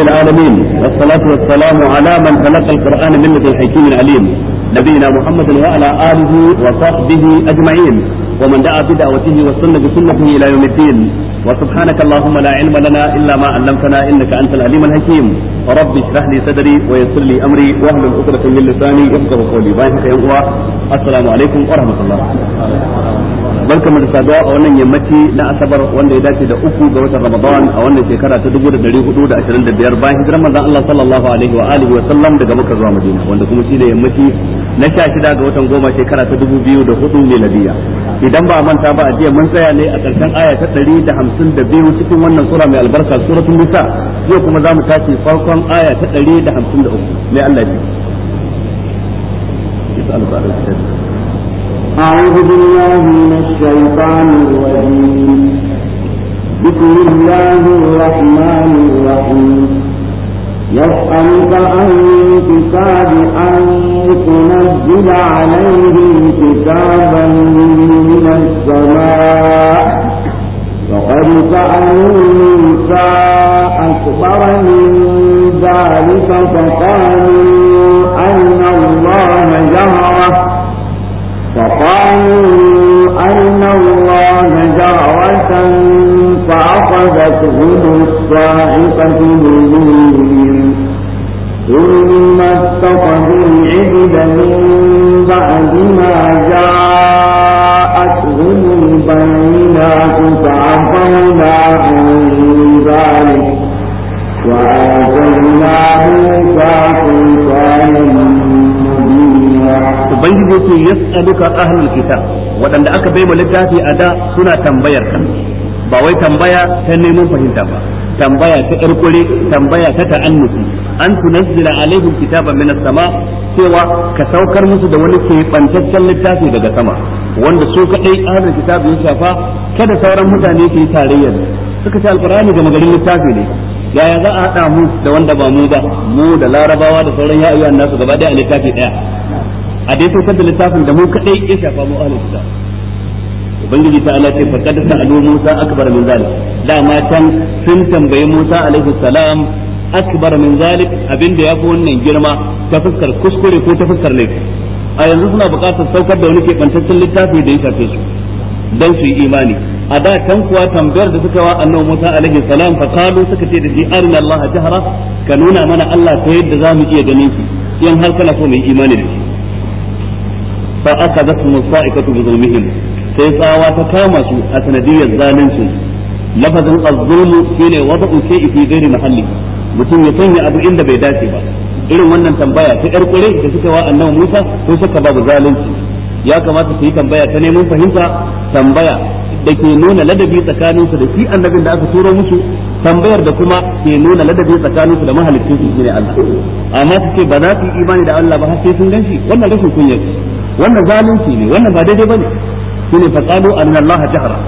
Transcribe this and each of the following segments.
رب العالمين والصلاة والسلام على من خلق القرآن منة الحكيم العليم نبينا محمد وعلى آله وصحبه أجمعين ومن دعا بدعوته وسن بسنته إلى يوم الدين وسبحانك اللهم لا علم لنا إلا ما علمتنا إنك أنت العليم الحكيم رب اشرح لي صدري ويسر لي أمري واهل الأسرة من لساني يفقه قولي السلام عليكم ورحمة الله barkamu da saduwa a wannan yammaci na asabar wanda ya dace da uku ga watan ramadan a wannan shekara ta dubu da dari hudu da ashirin da biyar bayan hijirar manzon Allah sallallahu alaihi wa alihi wa sallam daga Makka zuwa Madina wanda kuma shi ne yammaci na sha shida ga watan goma shekara ta dubu biyu da hudu miladiya idan ba a manta ba a jiya mun tsaya ne a ƙarshen aya ta ɗari da hamsin da biyu cikin wannan sura mai albarka suratul nisa yau kuma za mu tashi farkon aya ta ɗari da hamsin da uku mai Allah ne. أعوذ بالله من الشيطان الرجيم بسم الله الرحمن الرحيم يسألك أهل الكتاب أن تنزل عليهم كتابا من السماء فقد سألوا موسى أكبر من ذلك فقالوا أن الله جهره فقالوا أرنا الله جهرة فأخذتهم الصاعقة بذنوبهم ثم اتخذوا العجل من بعد ما جاء ubangiji yake yas'aluka ahlul kitab wadanda aka bai mu littafi a da suna tambayar ka ba wai tambaya ta neman fahimta ba tambaya ta irkure tambaya ta ta'annusi an tunazzila alaihim kitaban minas sama cewa ka saukar musu da wani kebantaccen littafi daga sama wanda su kadai ahlul kitab ya shafa kada sauran mutane su yi tarayyar suka ce alqur'ani ga magarin littafi ne yaya za a haɗa mu da wanda ba mu ba mu da larabawa da sauran ya nasu gaba ɗaya a littafi ɗaya a dai da littafin da mu kadai ya shafa mu ahlul kitab ubangiji ta Allah ce faqad sa'alu Musa akbar min zalik ma can sun tambayi Musa alaihi salam akbar min zalik abinda yafi wannan girma ta fuskar kuskure ko ta fuskar laifi a yanzu suna buƙatar saukar da wani keɓantaccen littafi da ya shafe su dan su imani a da can kuwa tambayar da suka wa annabi Musa alaihi salam fa kalu suka ce da shi arina Allah jahra ka nuna mana Allah ta yadda zamu iya ganin shi in har kana so mu yi imani da shi fa akadathu musa'ikatu bi zulmihim sai tsawa ta kama su a sanadiyar zalincin lafazin az-zulmu shine wada'u shay'i mutum ya sanya abu inda bai dace ba irin wannan tambaya ta yar kure da suka wa annabi Musa sai suka babu zalunci ya kamata su yi tambaya ta neman fahimta tambaya da ke nuna ladabi tsakaninsu da shi annabin da aka turo musu tambayar da kuma ke nuna ladabi tsakaninsu da mahalicin su shine Allah amma su ce ba za su yi imani da Allah ba har sai sun ganshi wannan rashin kunya ce wannan zalunci ne wannan ba daidai bane shine fa qalu anna allaha jahra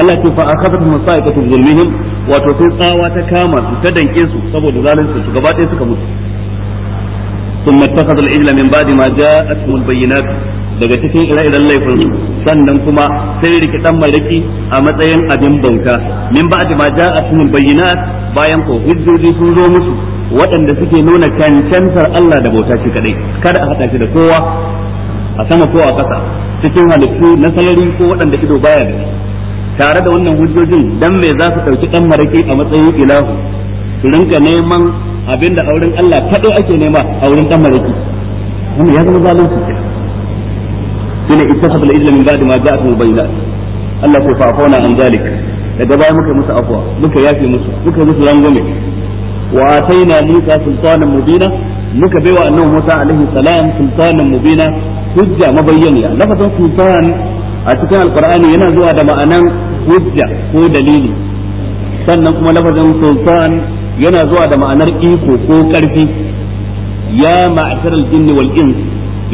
Allah ce fa akhadathum sa'iqatu zulmihim wato sai tsawa ta kama su ta danke su saboda zalunci su gaba ɗaya suka mutu ثم اتخذوا العجل من بعد ما جاءتهم البينات daga cikin ire-iren laifin sannan kuma sai rike dan mallaki a matsayin abin bauta min ba'di ma ja'atun bayyinat bayan ko hujjoji sun zo musu waɗanda suke nuna cancantar Allah da bauta shi kadai kada a hada shi da kowa a sama ko a ƙasa cikin halittu na sarari ko waɗanda ido baya gani tare da wannan hujjojin dan me za su ɗauki ɗan maraƙi a matsayin ilahu su rinka neman abin da auren Allah kaɗai ake nema a wurin ɗan maraƙi. wannan ya zama zalunci ke ne ita sabila ilm min ba'di ma ja'at mubayyinat Allah ko fa'afuna an zalik daga baya muka musu afwa muka yafe musu muka musu rangume wa ataina musa sultanan mubina muka baiwa annabi Musa alaihi salam sultanan mubina hujja mabayyaniya lafazin sultan a cikin alqur'ani yana zuwa da ma'anan hujja ko dalili sannan kuma lafazin sultan yana zuwa da ma'anar iko ko karfi ya ma'ashar al-jinn wal ins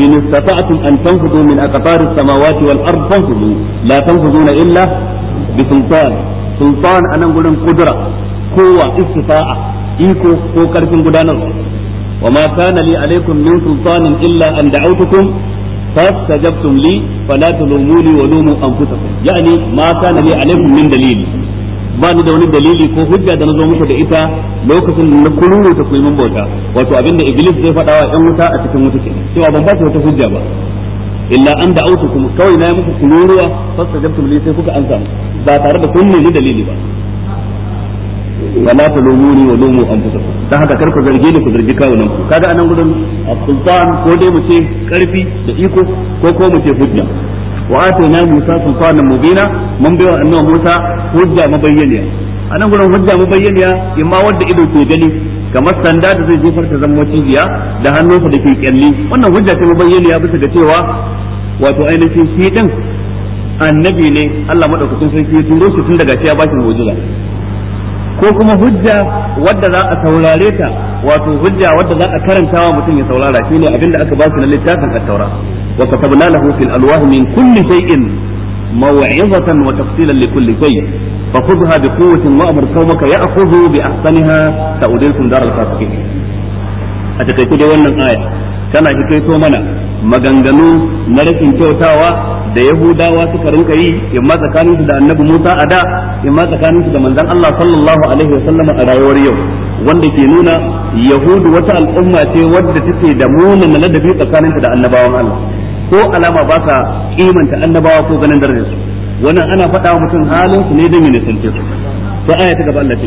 in istata'tum an tanfudu min aqtar samawati wal ard fanfudu la tanfuduna illa bi sultan sultan anan gurin kudura kowa istifa'a iko ko karfin gudanarwa وما كان لي عليكم من سلطان إلا أن دعوتكم فاستجبتم لي فلا تلوموني ولوموا انفسكم يعني ما كان لي عليكم من دليل ba da wani dalili ko hujja da na zo muku da ita lokacin da kullu kururu ta mun bauta wato abinda iblis zai fada wa ɗan wuta a cikin wuta kenan cewa ban ba wata hujja ba illa an da kuma kawai na yi muku kururuwa fastajabtum li sai kuka ansa ba tare da kun ni dalili ba wala talumuni wa lumu anfusakum dan haka kar ku zarge ku zargi kawunan ku kaga anan gudun sultan ko dai mu ce karfi da iko ko ko mu ce hujja wa atayna musa sultanan mubina mun bai annabi musa hujja mabayyaniya anan gudun hujja mabayyaniya imma wanda ido ke gani kamar sanda da zai jefar ta zama cibiya da hannun hannunsa da ke kyalli wannan hujja ce mabayyaniya bisa ga cewa wato ainihin shi din annabi ne Allah madaukakin sarki ya turo shi tun daga ya bashi mu'jiza ko kuma hujja wadda za a saurare ta wato hujja wadda za a karanta wa mutum ya saurara shine abin da aka ba shi na littafin at-taura wa katabna lahu fil alwah min kulli shay'in maw'izatan wa tafsilan li kulli shay fa khudha bi quwwatin wa amr qawmaka ya'khudhu bi ahsaniha sa'udilkum daral fasiqin a takaice dai wannan aya tana hikaito mana maganganu na rashin kyautawa da yahudawa suka rinka yi imma su da annabi musa a da imma tsakaninsu da manzon allah sallallahu alaihi wa sallam a rayuwar yau wanda ke nuna yahudu wata al'umma ce wadda take da munin ladabi tsakaninta da annabawan allah ko alama ba sa kimanta annabawa ko ganin darajarsu wannan ana faɗa wa mutum halin su ne don yi nisan su sai aya ta gaba Allah ce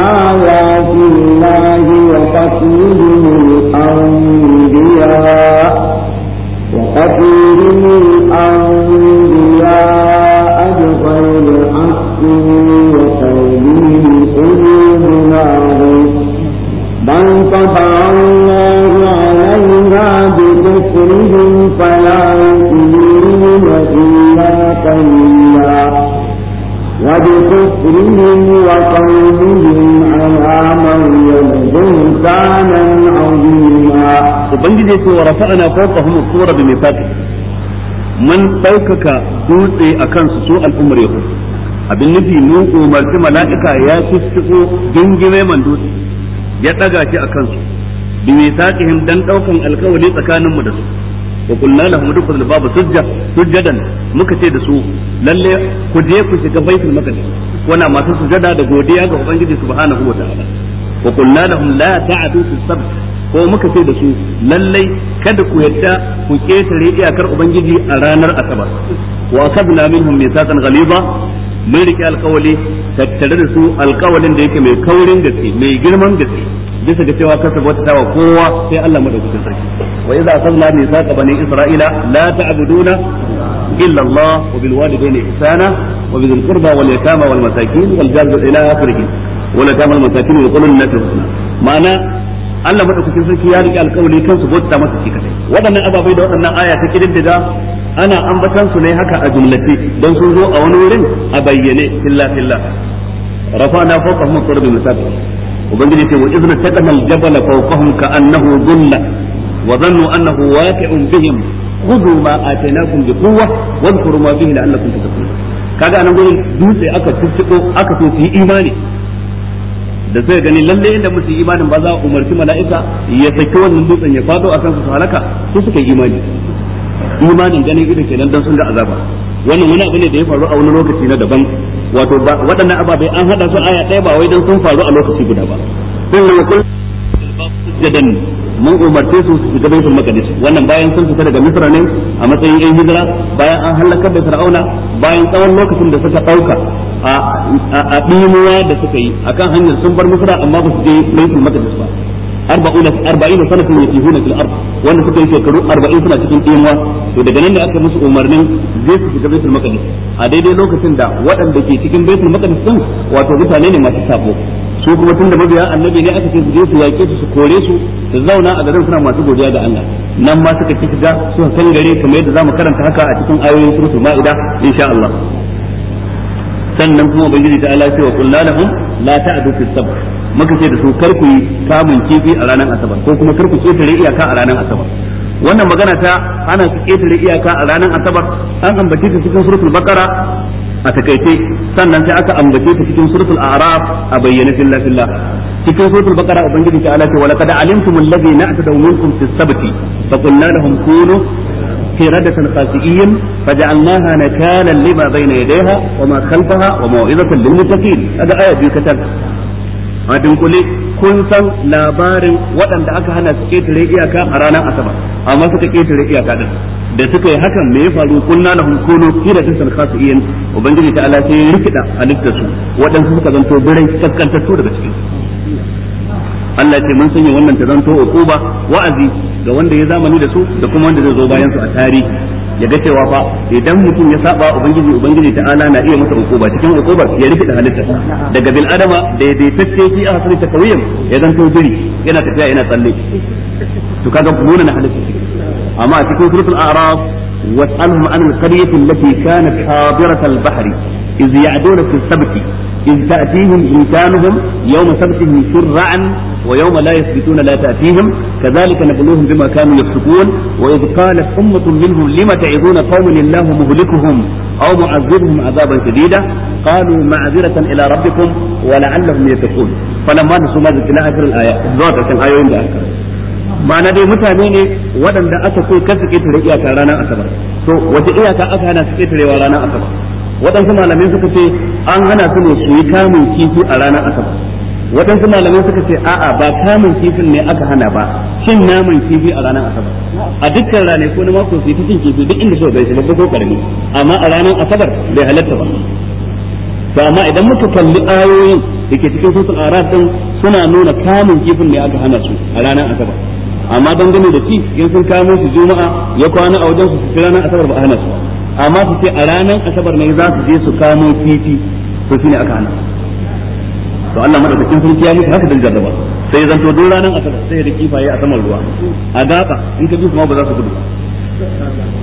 آيات الله الأنبياء الأنبياء را گیا پتنی آیا بل ادب الله عليها بكفرهم فلا يؤمنون إلا قليلا وبكفرهم وقت buhtanan azima ubangiji ce wa rafa'na fawqahum as-sura bi mifaqi man daukaka dutse akan su su al'ummar yahud abin nufi mun umarci mala'ika ya tusko dingime man dutse ya daga shi akan su bi mifaqihim dan ɗaukan alkawali tsakanin mu da su wa qulna lahum dukhulul babu sujja sujjadan muka ce da su lalle ku je ku shiga baitul maqdis kuna masu sujada da godiya ga ubangiji subhanahu wa ta'ala wa qulna lahum la ta'du fi ko muka ce da su lallai kada ku yadda ku ketare iyakar ubangiji a ranar asabar wa akadna minhum mithaqan ghaliza mun rike alkawali tattare da su alkawalin da yake mai kaurin gaske mai girman gaske bisa ga cewa kasa wata tawa kowa sai Allah madaukakin sarki wa idza akhadna mithaqa bani isra'ila la ta'buduna illa Allah wa bil walidayni ihsana wa bil qurba wal yatama wal masakin wal jar ila akhirih wala ta mal masakin wa qulun nas husna ma'ana Allah madaukakin sarki ya rike alƙawari kansu bauta masa shi kadai waɗannan ababai da waɗannan aya ta da ana ambatan su ne haka a jumlace don sun zo a wani wurin a bayyane filla filla rafa'na fawqahum qurbi masakin ubangiji ce wa izna taqana al-jabala fawqahum ka'annahu dhulla wa dhannu annahu waqi'un bihim ma kaga anan gurin dutse aka tuttuko aka so su yi imani da zai gani lalle inda musu imanin ba za a umarci mala'ika ya saki wannan dutsen ya fado a kan su halaka su suka imani imanin ganin ido kenan don sun ga azaba wannan wani abu ne da ya faru a wani lokaci na daban wato waɗannan ababai an haɗa su aya ɗaya ba wai dan sun faru a lokaci guda ba sun da jadan mun umarce su su shiga baitul maqdis wannan bayan sun fita daga misra ne a matsayin yan hijira bayan an halakar da fir'auna bayan tsawon lokacin da suka dauka a dimuwa da suka yi akan hanyar sun bar misra amma ba su je baitul maqdis ba 40 sanatun sana kuma fil ard wanda suka yi shekaru 40 suna cikin dinwa to daga nan da aka musu umarnin zai su shiga baitul maqdis a daidai lokacin da waɗanda ke cikin baitul maqdis din wato mutane ne masu sabo su kuma tunda mabiya annabi ne aka ce su je su yaƙe su su kore su su zauna a garin suna masu godiya ga Allah nan ma suka ci shiga suka san gare kamar yadda zamu karanta haka a cikin ayoyin suratul maida insha Allah sannan kuma ubangiji ta Allah ce wa kullalahum la ta'du fi sabr muka ce da su kar ku yi samun kifi a ranar asabar ko kuma kar ku ketare iyaka a ranar asabar wannan magana ta ana su ketare iyaka a ranar asabar an ambace ta cikin suratul baqara a takaice sannan sai aka ambace ta cikin suratul a'raf a bayyana fillah fillah cikin suratul baqara ubangiji ta alaka wa laqad alimtum alladhi na'tadu minkum fis sabti fa qulna lahum kunu qasiyin fa ja'alnaha قردة خاسئين فجعلناها نكالا لما بين يديها وما خلفها وموعظة للمتقين هذا آية katab a dunkule kun san labarin waɗanda aka hana su ƙetare iyaka a ranar asabar amma suka ƙetare iyaka din da suka yi hakan me ya faru kunna lahum da qiratan san iyan ubangiji ta alaƙe sai ya rikida halittar su waɗansu suka zanto birai kaskantar su daga cikin Allah ce mun sanya wannan ta zanto ba wa'azi ga wanda ya zamani da su da kuma wanda zai zo bayan su a tarihi ya ga cewa fa idan mutum ya saba ubangiji ubangiji ta ala na iya masa hukuma cikin hukumar ya rufe da halitta daga bil adama daidaitacce fi a hasari takawiyin ya zanto jiri yana tafiya yana tsalle to kaga nuna na halittar amma a cikin suratul a'raf واسألهم عن القرية التي كانت حاضرة البحر إذ يعدون في السبت إذ تأتيهم إنسانهم يوم سبتهم شرعا ويوم لا يثبتون لا تأتيهم كذلك نبلوهم بما كانوا يفسقون وإذ قالت أمة منهم لم تعظون قوم الله مهلكهم أو معذبهم عذابا شديدا قالوا معذرة إلى ربكم ولعلهم يتقون فلما نسوا ما ذكرنا آخر الآية ذات الآية ma'ana dai mutane ne waɗanda aka so kan su ketare iyaka ranar asabar to wace iyaka aka hana su ketarewa ranar asabar waɗansu malamai suka ce an hana su ne su yi kamun kifi a ranar asabar waɗansu malamai suka ce a'a ba kamun kifin ne aka hana ba cin naman kifi a ranar asabar a dukkan rane ko na mako su cin kifi duk inda suka gaishe ko karami amma a ranar asabar bai halatta ba to amma idan muka kalli ayoyin da ke cikin sosan arab din suna nuna kamun kifin ne aka hana su a ranar asabar amma gane da ci in sun kamo su juma'a ya kwana a wajen su su ranar asabar ba hana su amma su ce a ranar asabar ne za su je su kamo titi to shine aka hana to Allah madaukakin sarki ya mutu haka da jarraba sai zanto duk ranar asabar sai da kifaye a saman ruwa a gaba in ka bi kuma ba za su gudu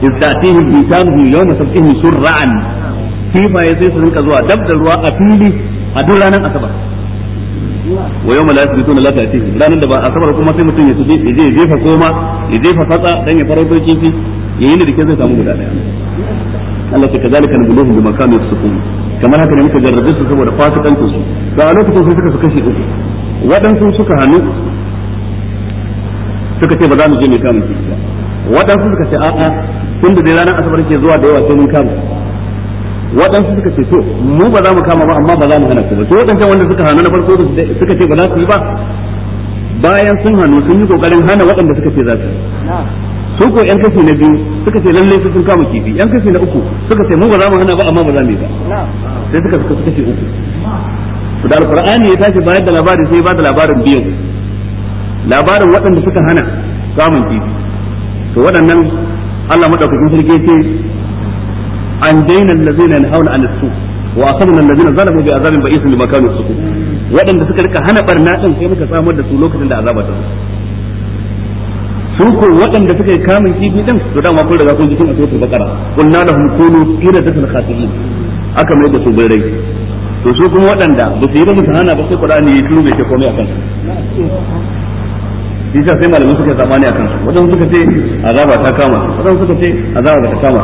إذ تأتيهم بيتانهم يوم سبتهم شرعا kifaye sai su rinka zuwa dab da ruwa a fili a duk ranar asabar wa yawma su yasbituna lafiya ce ranan da ba sabar kuma sai mutum ya suje ya je jefa koma ya jefa fatsa dan ya farauto ya yi da zai samu guda daya Allah ta kazalika da bima kanu sukun kamar haka ne muka jarrabe su saboda fasikancin su to a lokacin sai suka su kashe uku waɗansu suka hannu suka ce ba za mu je mai kamun ciki ba waɗansu suka ce a'a tun da dai ranar asabar ke zuwa da yawa sai mun kama waɗansu suka ce to mu ba za mu kama ba amma ba za mu hana ku ba to waɗancan wanda suka hana na farko suka ce ba za su yi ba bayan sun hannu sun yi kokarin hana waɗanda suka ce za su su ko yan kashi na biyu suka ce su sun kama kifi yan kashi na uku suka ce mu ba za mu hana ba amma ba za mu yi ba sai suka suka ce uku to da alqur'ani ya tashi bayar da labari sai ba da labarin biyu labarin waɗanda suka hana kamun kifi to waɗannan Allah madaukakin sarki ce an daina allazina yanhauna anil su wa asabna allazina zalamu bi azabin ba'isin bima kanu su wadanda suka rika hana barna din sai muka samar da su lokacin da azaba ta su ko waɗanda suka yi kamun kifi din to dama kun riga kun ji kun asuratul bakara kunna lahum kunu dakal khasiin aka mai da su bai to su kuma waɗanda ba su yi ba musu hana ba sai qur'ani ya turu bai komai akan su sai malamai suka zamani akan su wadan suka ce azaba ta kama wadan suka ce azaba ta kama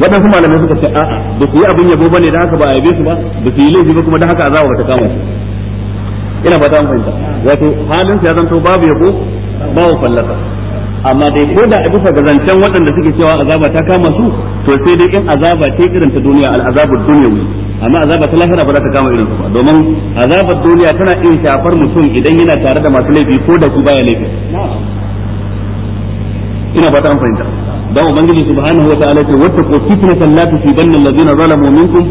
waɗansu malamai suka ce a'a ba su yi abin yabo ne da haka ba a yabe su ba ba su yi laifi ba kuma da haka a bata kama su ina ba ta fahimta wato halin ya zanto babu yabo babu fallaka amma dai ko da a bisa ga zancen waɗanda suke cewa azaba ta kama su to sai dai in azaba ta irin ta duniya al'azabar duniyawi amma azaba ta lahira ba za ta kama irin su ba domin azabar duniya tana iya shafar mutum idan yana tare da masu laifi ko da su baya laifi ina ba ta fahimta dan ubangiji subhanahu wataala ce wattaqu fitnatan la tusibanna alladhina zalamu minkum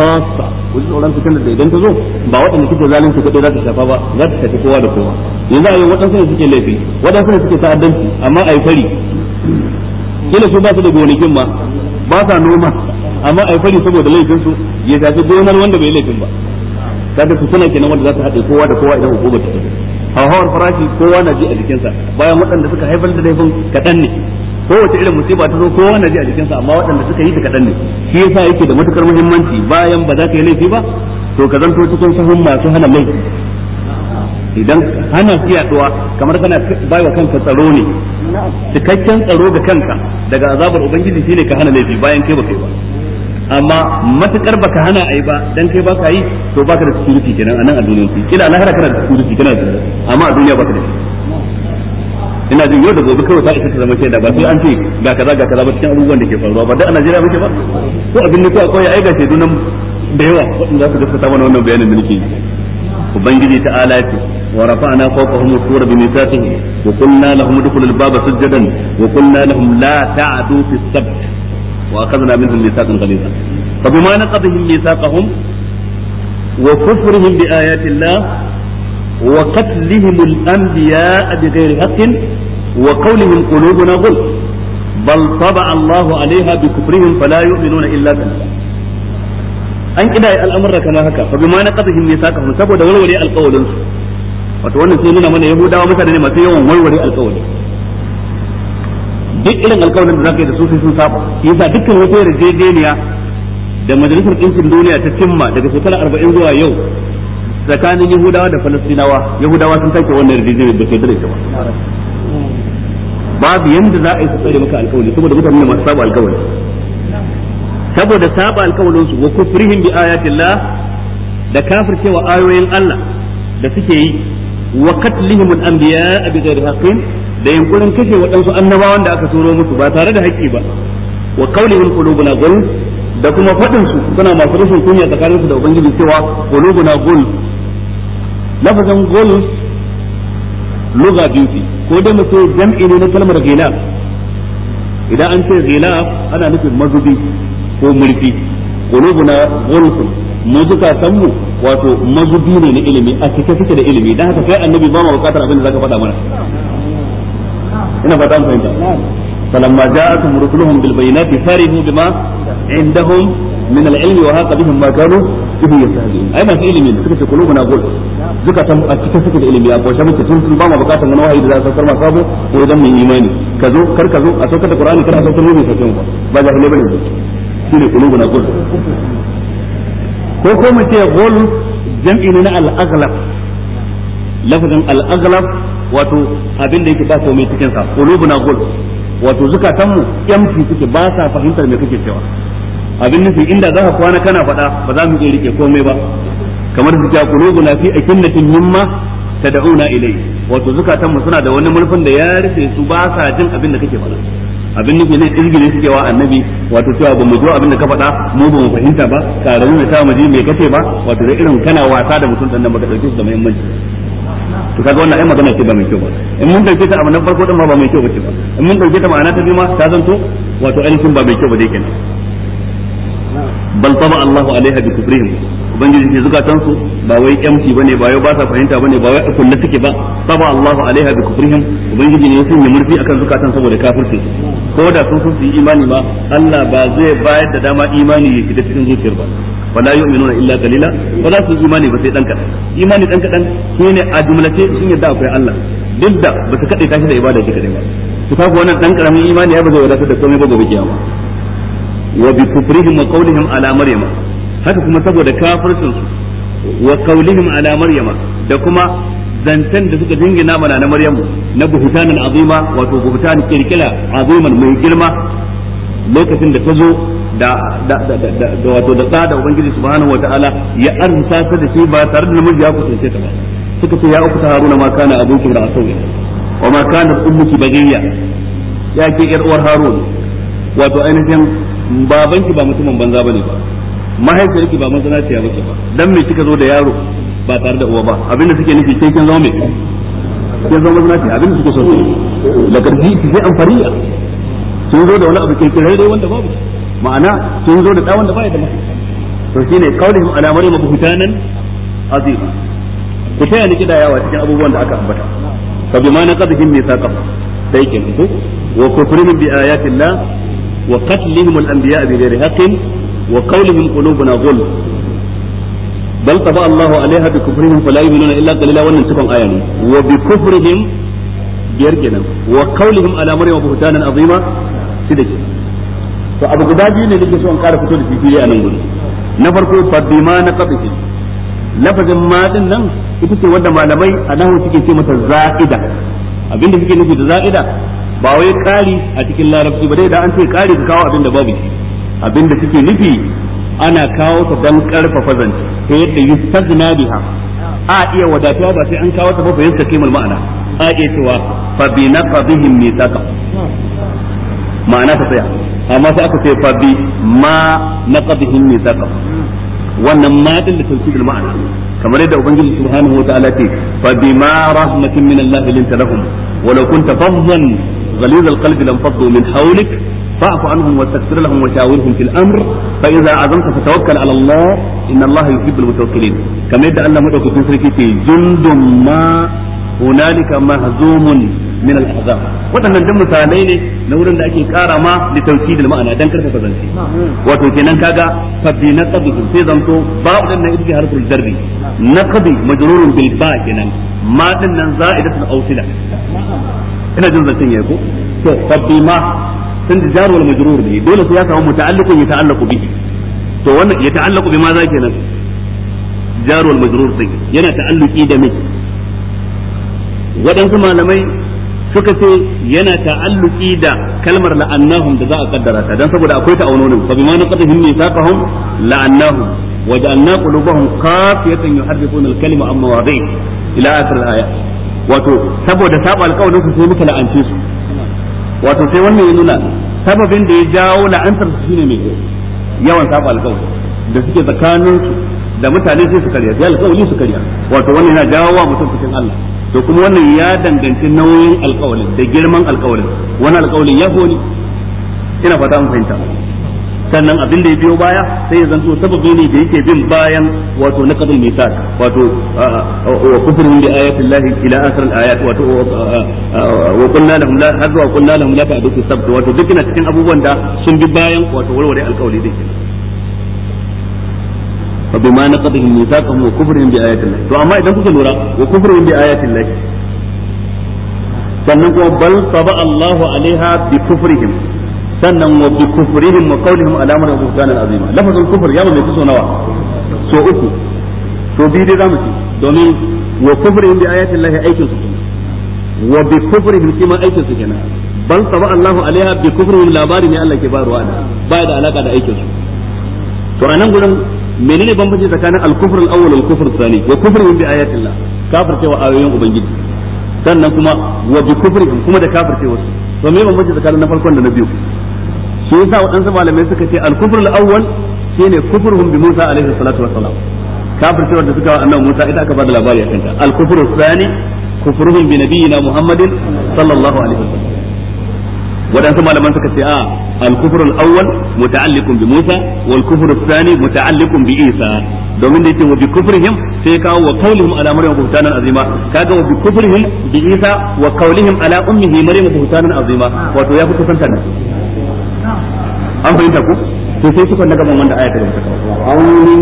khassa ku tsoron fitan da idan ta zo ba waɗanda kike zalunci kadai za ta shafa ba za ta shafi kowa da kowa yanzu a yi waɗansu ne suke laifi waɗansu ne suke ta'addanci amma yi fari kila su ba su da gonakin ma ba sa noma amma yi fari saboda laifin su ya shafi gonar wanda bai laifin ba kaga su suna kenan wanda za ta haɗe kowa da kowa idan hukumar ta hauhawar farashi kowa na ji a jikinsa bayan waɗanda suka haifar da laifin kaɗan ne kowace irin musiba ta zo kowa na ji a jikinsa amma waɗanda suka yi ta kaɗan ne shi yasa yake da matukar muhimmanci bayan ba za ka yi laifi ba to ka zanto cikin sahun masu hana laifi idan hana su yaduwa kamar kana bai wa kanka tsaro ne cikakken tsaro ga kanka daga azabar ubangiji shine ka hana laifi bayan kai ba kai ba amma matukar baka hana ai ba dan kai ba ka yi to baka da security kenan nan a duniya kila lahara kana da security kana da amma a duniya baka da shi ina jin yau da gobe kawai ta isa ta zama shaida ba sai an ce ga kaza ga kaza ba cikin abubuwan da ke faruwa ba dan a Najeriya muke ba ko abin ne ko akwai ai ga shaidu nan da yawa wanda za su gaskata mana wannan bayanin mulki ubangiji ta alati wa rafa'na fawqahum as-sura bi mithaqihim wa qulna lahum udkhulu al-baba sujadan wa qulna lahum la ta'du fi as-sabt wa akhadna minhum mithaqan ghaliza fa bima naqadhihim mithaqahum wa kufrihim bi ayati Allah وقتلهم الأنبياء بغير حق وقولهم قلوبنا غل بل طبع الله عليها بكفرهم فلا يؤمنون إلا بالله an kida al'amurra kamar haka fa bima na qadhihim mithaqahum saboda warware alqawlin wato wannan sai nuna mana yahudawa mutane ne masu yawan warware alqawli duk irin alqawlin da zaka yi da su sai sun saba yasa dukkan wata yarjejeniya da majalisar ɗinkin duniya ta cimma daga shekara 40 zuwa yau tsakanin yahudawa da falastinawa yahudawa sun sake wannan rijiyar da ke dare ba babu yadda za a yi su tsare maka alkawari saboda mutane masu saba alkawari saboda saba alkawarin su wa kufrihim bi ayatillah da kafircewa ayoyin Allah da suke yi wa qatlihim al-anbiya bi ghairi haqqin da yankurin kashe waɗansu annabawan da aka turo musu ba tare da haƙƙi ba wa qawlihim qulubuna ghulf da kuma faɗinsu su suna masu rashin kunya tsakanin su da ubangiji cewa qulubuna ghulf lafazin golf luga biyu ko dai mu ce jam'i ne na kalmar ghilaf idan an ce ghilaf ana nufin mazubi ko mulki qulubuna ghulfun mu zukatan mu wato mazubi ne na ilimi a cike suke da ilimi dan haka kai annabi ba ma bukatar abin da zaka faɗa mana ina fata an fahimta فلما جاءتهم رسلهم بالبينات فرحوا بما عندهم من العلم وهاق بهم ما كانوا ibu yasali ai masu ilimi da suka ce kulubuna gol zukatan a cikin suke da ilimi a koshe muke tun ba mu bukatan wani wahayi da za a saukar masu sabo ko idan mun imani ka zo kar ka zo a saukar da qur'ani kar a saukar da sakin ba ba da ne shine kulubuna gol ko ko mu ce gol jam'i ne na al-aghlab lafazin al-aghlab wato abin da yake ba komai cikin sa kulubuna gol wato zukatanmu yamci suke ba sa fahimtar me kake cewa abin nufi inda za ka kwana kana faɗa ba za mu iya rike komai ba kamar su ta kulubu na fi kinnatin mimma tad'una ilai wato zukatan mu suna da wani mulfin da ya rufe su ba sa jin abin da kake faɗa abin nufi ne izgile suke wa annabi wato cewa ba mu zo abin da ka faɗa mu ba mu fahimta ba karamu ne ta mu ji me kace ba wato da irin kana wasa da mutum dan ka ɗauke su da muhimmanci to kaga wannan ai magana ce ba mai kyau ba in mun dauke ta a nan farko din ma ba mai kyau ba ce ba in mun dauke ta ma'ana ta bi ma ta zanto wato ainihin ba mai kyau ba dai kenan bal taba Allahu alaiha bi kufrihim ubangiji ce zukatan su ba wai empty bane ba wai ba sa fahimta bane ba wai a kullu take ba taba Allahu alaiha bi kufrihim ubangiji ne ya sanya murfi akan zukatan saboda kafirci ko da sun sun yi imani ba Allah ba zai bayar da dama imani ya shiga cikin zuciyar ba wala yu'minuna illa qalila wala su imani ba sai dan kadan imani dan kadan shine a jumlace sun yadda akwai Allah duk da ba su kade tashi da ibada ce kadai ba su ta wannan dan karamin imani ya ba zai wadatar da komai ba gobe kiyama wa bi kufrihim wa qawlihim ala maryama haka kuma saboda kafircin su wa qawlihim ala maryama da kuma zantan da suka jingina mana na maryamu na buhutanan azima wato buhutan kirkira aziman mai girma lokacin da ta zo da da wato da tsada ubangiji subhanahu wataala ya arsa ta da shi ba tare da namiji ya kusance ta ba suka ce ya uku haruna ma kana abuki da asawi wa ma kana ummuki bagiya ya ke yar uwar harun wato ainihin babanki ba mutumin banza bane ba mahaifiyarki ba mazanaciya ba dan me kika zo da yaro ba tare da uwa ba abinda suke nufi sai kin zama me kin zama mazanaciya abinda suke so la karbi ki sai amfariya kin zo da wani abu kin dai wanda babu ma'ana kin zo da da wanda baya da mutunci to shine qaulihim ala maryam buhtanan azima ku taya ni kidayawa cikin abubuwan da aka ambata fa bima naqadhihim mithaqahum sai kin ku wa kufrin bi ayatillah wa qatlihim al-anbiya bi ghairi haqqin wa qawlihim qulubuna ghulf bal taba Allahu alaiha bi kufrihim fala yu'minuna illa qalila wannan tukun aya ne wa bi kufrihim biyar kenan wa qawlihim ala maryam buhtanan azima sida ke to abu guda biyu ne nake so in kara fito da shi a nan na farko fa bima na qadhi lafazin ma din nan ita ce wanda malamai a nahu suke ce masa za'ida abinda suke nufi da za'ida ba wai ƙari a cikin larabci ba dai da an ce ƙari ka kawo abin da babu shi abin da suke nufi ana kawo ta don ƙarfafa zance ta yadda yustazna biha a iya wadatuwa ba sai an kawo ta ba fa yastakimul ma'ana a iya cewa fa bi naqdihim mithaqa ma'ana ta tsaya amma sai aka ce fa bi ma naqdihim mithaqa wannan ma din da tawkidul ma'ana kamar yadda ubangiji subhanahu wa ta'ala ce fa bi ma rahmatin min Allah linta lahum walau kunta fadhlan غليظ القلب لانفضوا من حولك فاعف عنهم واستغفر لهم وشاورهم في الامر فاذا عزمت فتوكل على الله ان الله يحب المتوكلين كما يدعى جند ما هنالك مهزوم من الاحزاب waɗannan dan misalai ne na wurin da ake kara ma da tauki da ma'ana dan karka ka zance wato kenan kaga fabbi na qadi sai zanto babu dan nan ibki harful jarri na qadi majrurun bil ba kenan ma din nan za'idatul awsila ina jin zancen yayi ko to sabbi ma tun da jarul majrur ne dole sai ya samu muta'alliqun yata'allaqu bihi to wannan yata'allaqu bima za kenan jarul majrur din yana ta'alluqi da me waɗansu malamai suka ce yana ta'alluki da kalmar la'annahum da za a kaddara ta dan saboda akwai ta'awununin fa bima naqadhum mithaqahum la'annahum wa ja'alna qulubahum qafiyatan yuharrifuna al-kalima amma wadai ila akhir al-ayat wato saboda saba alƙawarin su sai muka la'ance su wato sai wannan ya nuna sababin da ya jawo la'antar su shine mai yawan saba alƙawari da suke tsakanin su da mutane sai su karya ya alƙawari su karya wato wannan yana jawo wa mutum cikin Allah to kuma wannan ya danganci nauyin alƙawarin da girman alƙawarin wani alƙawarin ya fi ina fata mun fahimta sannan abin da ya biyo baya sai ya zanto sababi ne da yake bin bayan wato na kadul misal wato wa bi ayati llahi ila akhir ayat wato wa qulna lahum la hadwa qulna lahum la ta'budu sabt wato duk ina cikin abubuwan da sun bi bayan wato warware alƙawari da fa bima naqadhum mithaqahum wa kufrun bi ayati llahi to amma idan kuka lura wa kufrun bi ayati llahi sannan kuma bal taba Allahu alaiha bi kufrihim sannan wa bi kufrihim wa qawlihim alamar buhtanan azima lafazin kufr ya mai kuso nawa so uku so biyu dai zamu ci domin wa kufrihim bi ayatin lahi aikin su wa bi kufrihim kima aikin su kenan bal saba Allahu alaiha bi kufrihim labari ne Allah ke bayarwa da baya da alaka da aikin su to anan gurin menene bambanci tsakanin al-kufr al-awwal wal kufr al-thani wa kufrihim bi ayatin Allah kafircewa ayoyin ubangiji sannan kuma wa bi kufrihim kuma da kafirce wasu to me bambanci tsakanin na farkon da na biyu shi yasa waɗansu malamai suka ce al-kufr al-awwal shine kufruhum bi Musa alaihi salatu wassalam kafircewar da suka wa annabi Musa ita aka bada labari akan ta al-kufru thani kufruhum bi nabiyina Muhammadin sallallahu alaihi wa wasallam waɗansu malaman suka ce a al-kufr al-awwal muta'alliqun bi Musa wal kufr al-thani muta'alliqun bi Isa domin da yake wa bi kufrihim sai kawo wa qawlihim ala maryam buhtanan azima kaga wa bi kufrihim bi Isa wa qawlihim ala ummihi maryam buhtanan azima wato ya fi kusanta ne an fahimta ku to sai suka daga wanda aya ta rubuta qawlihi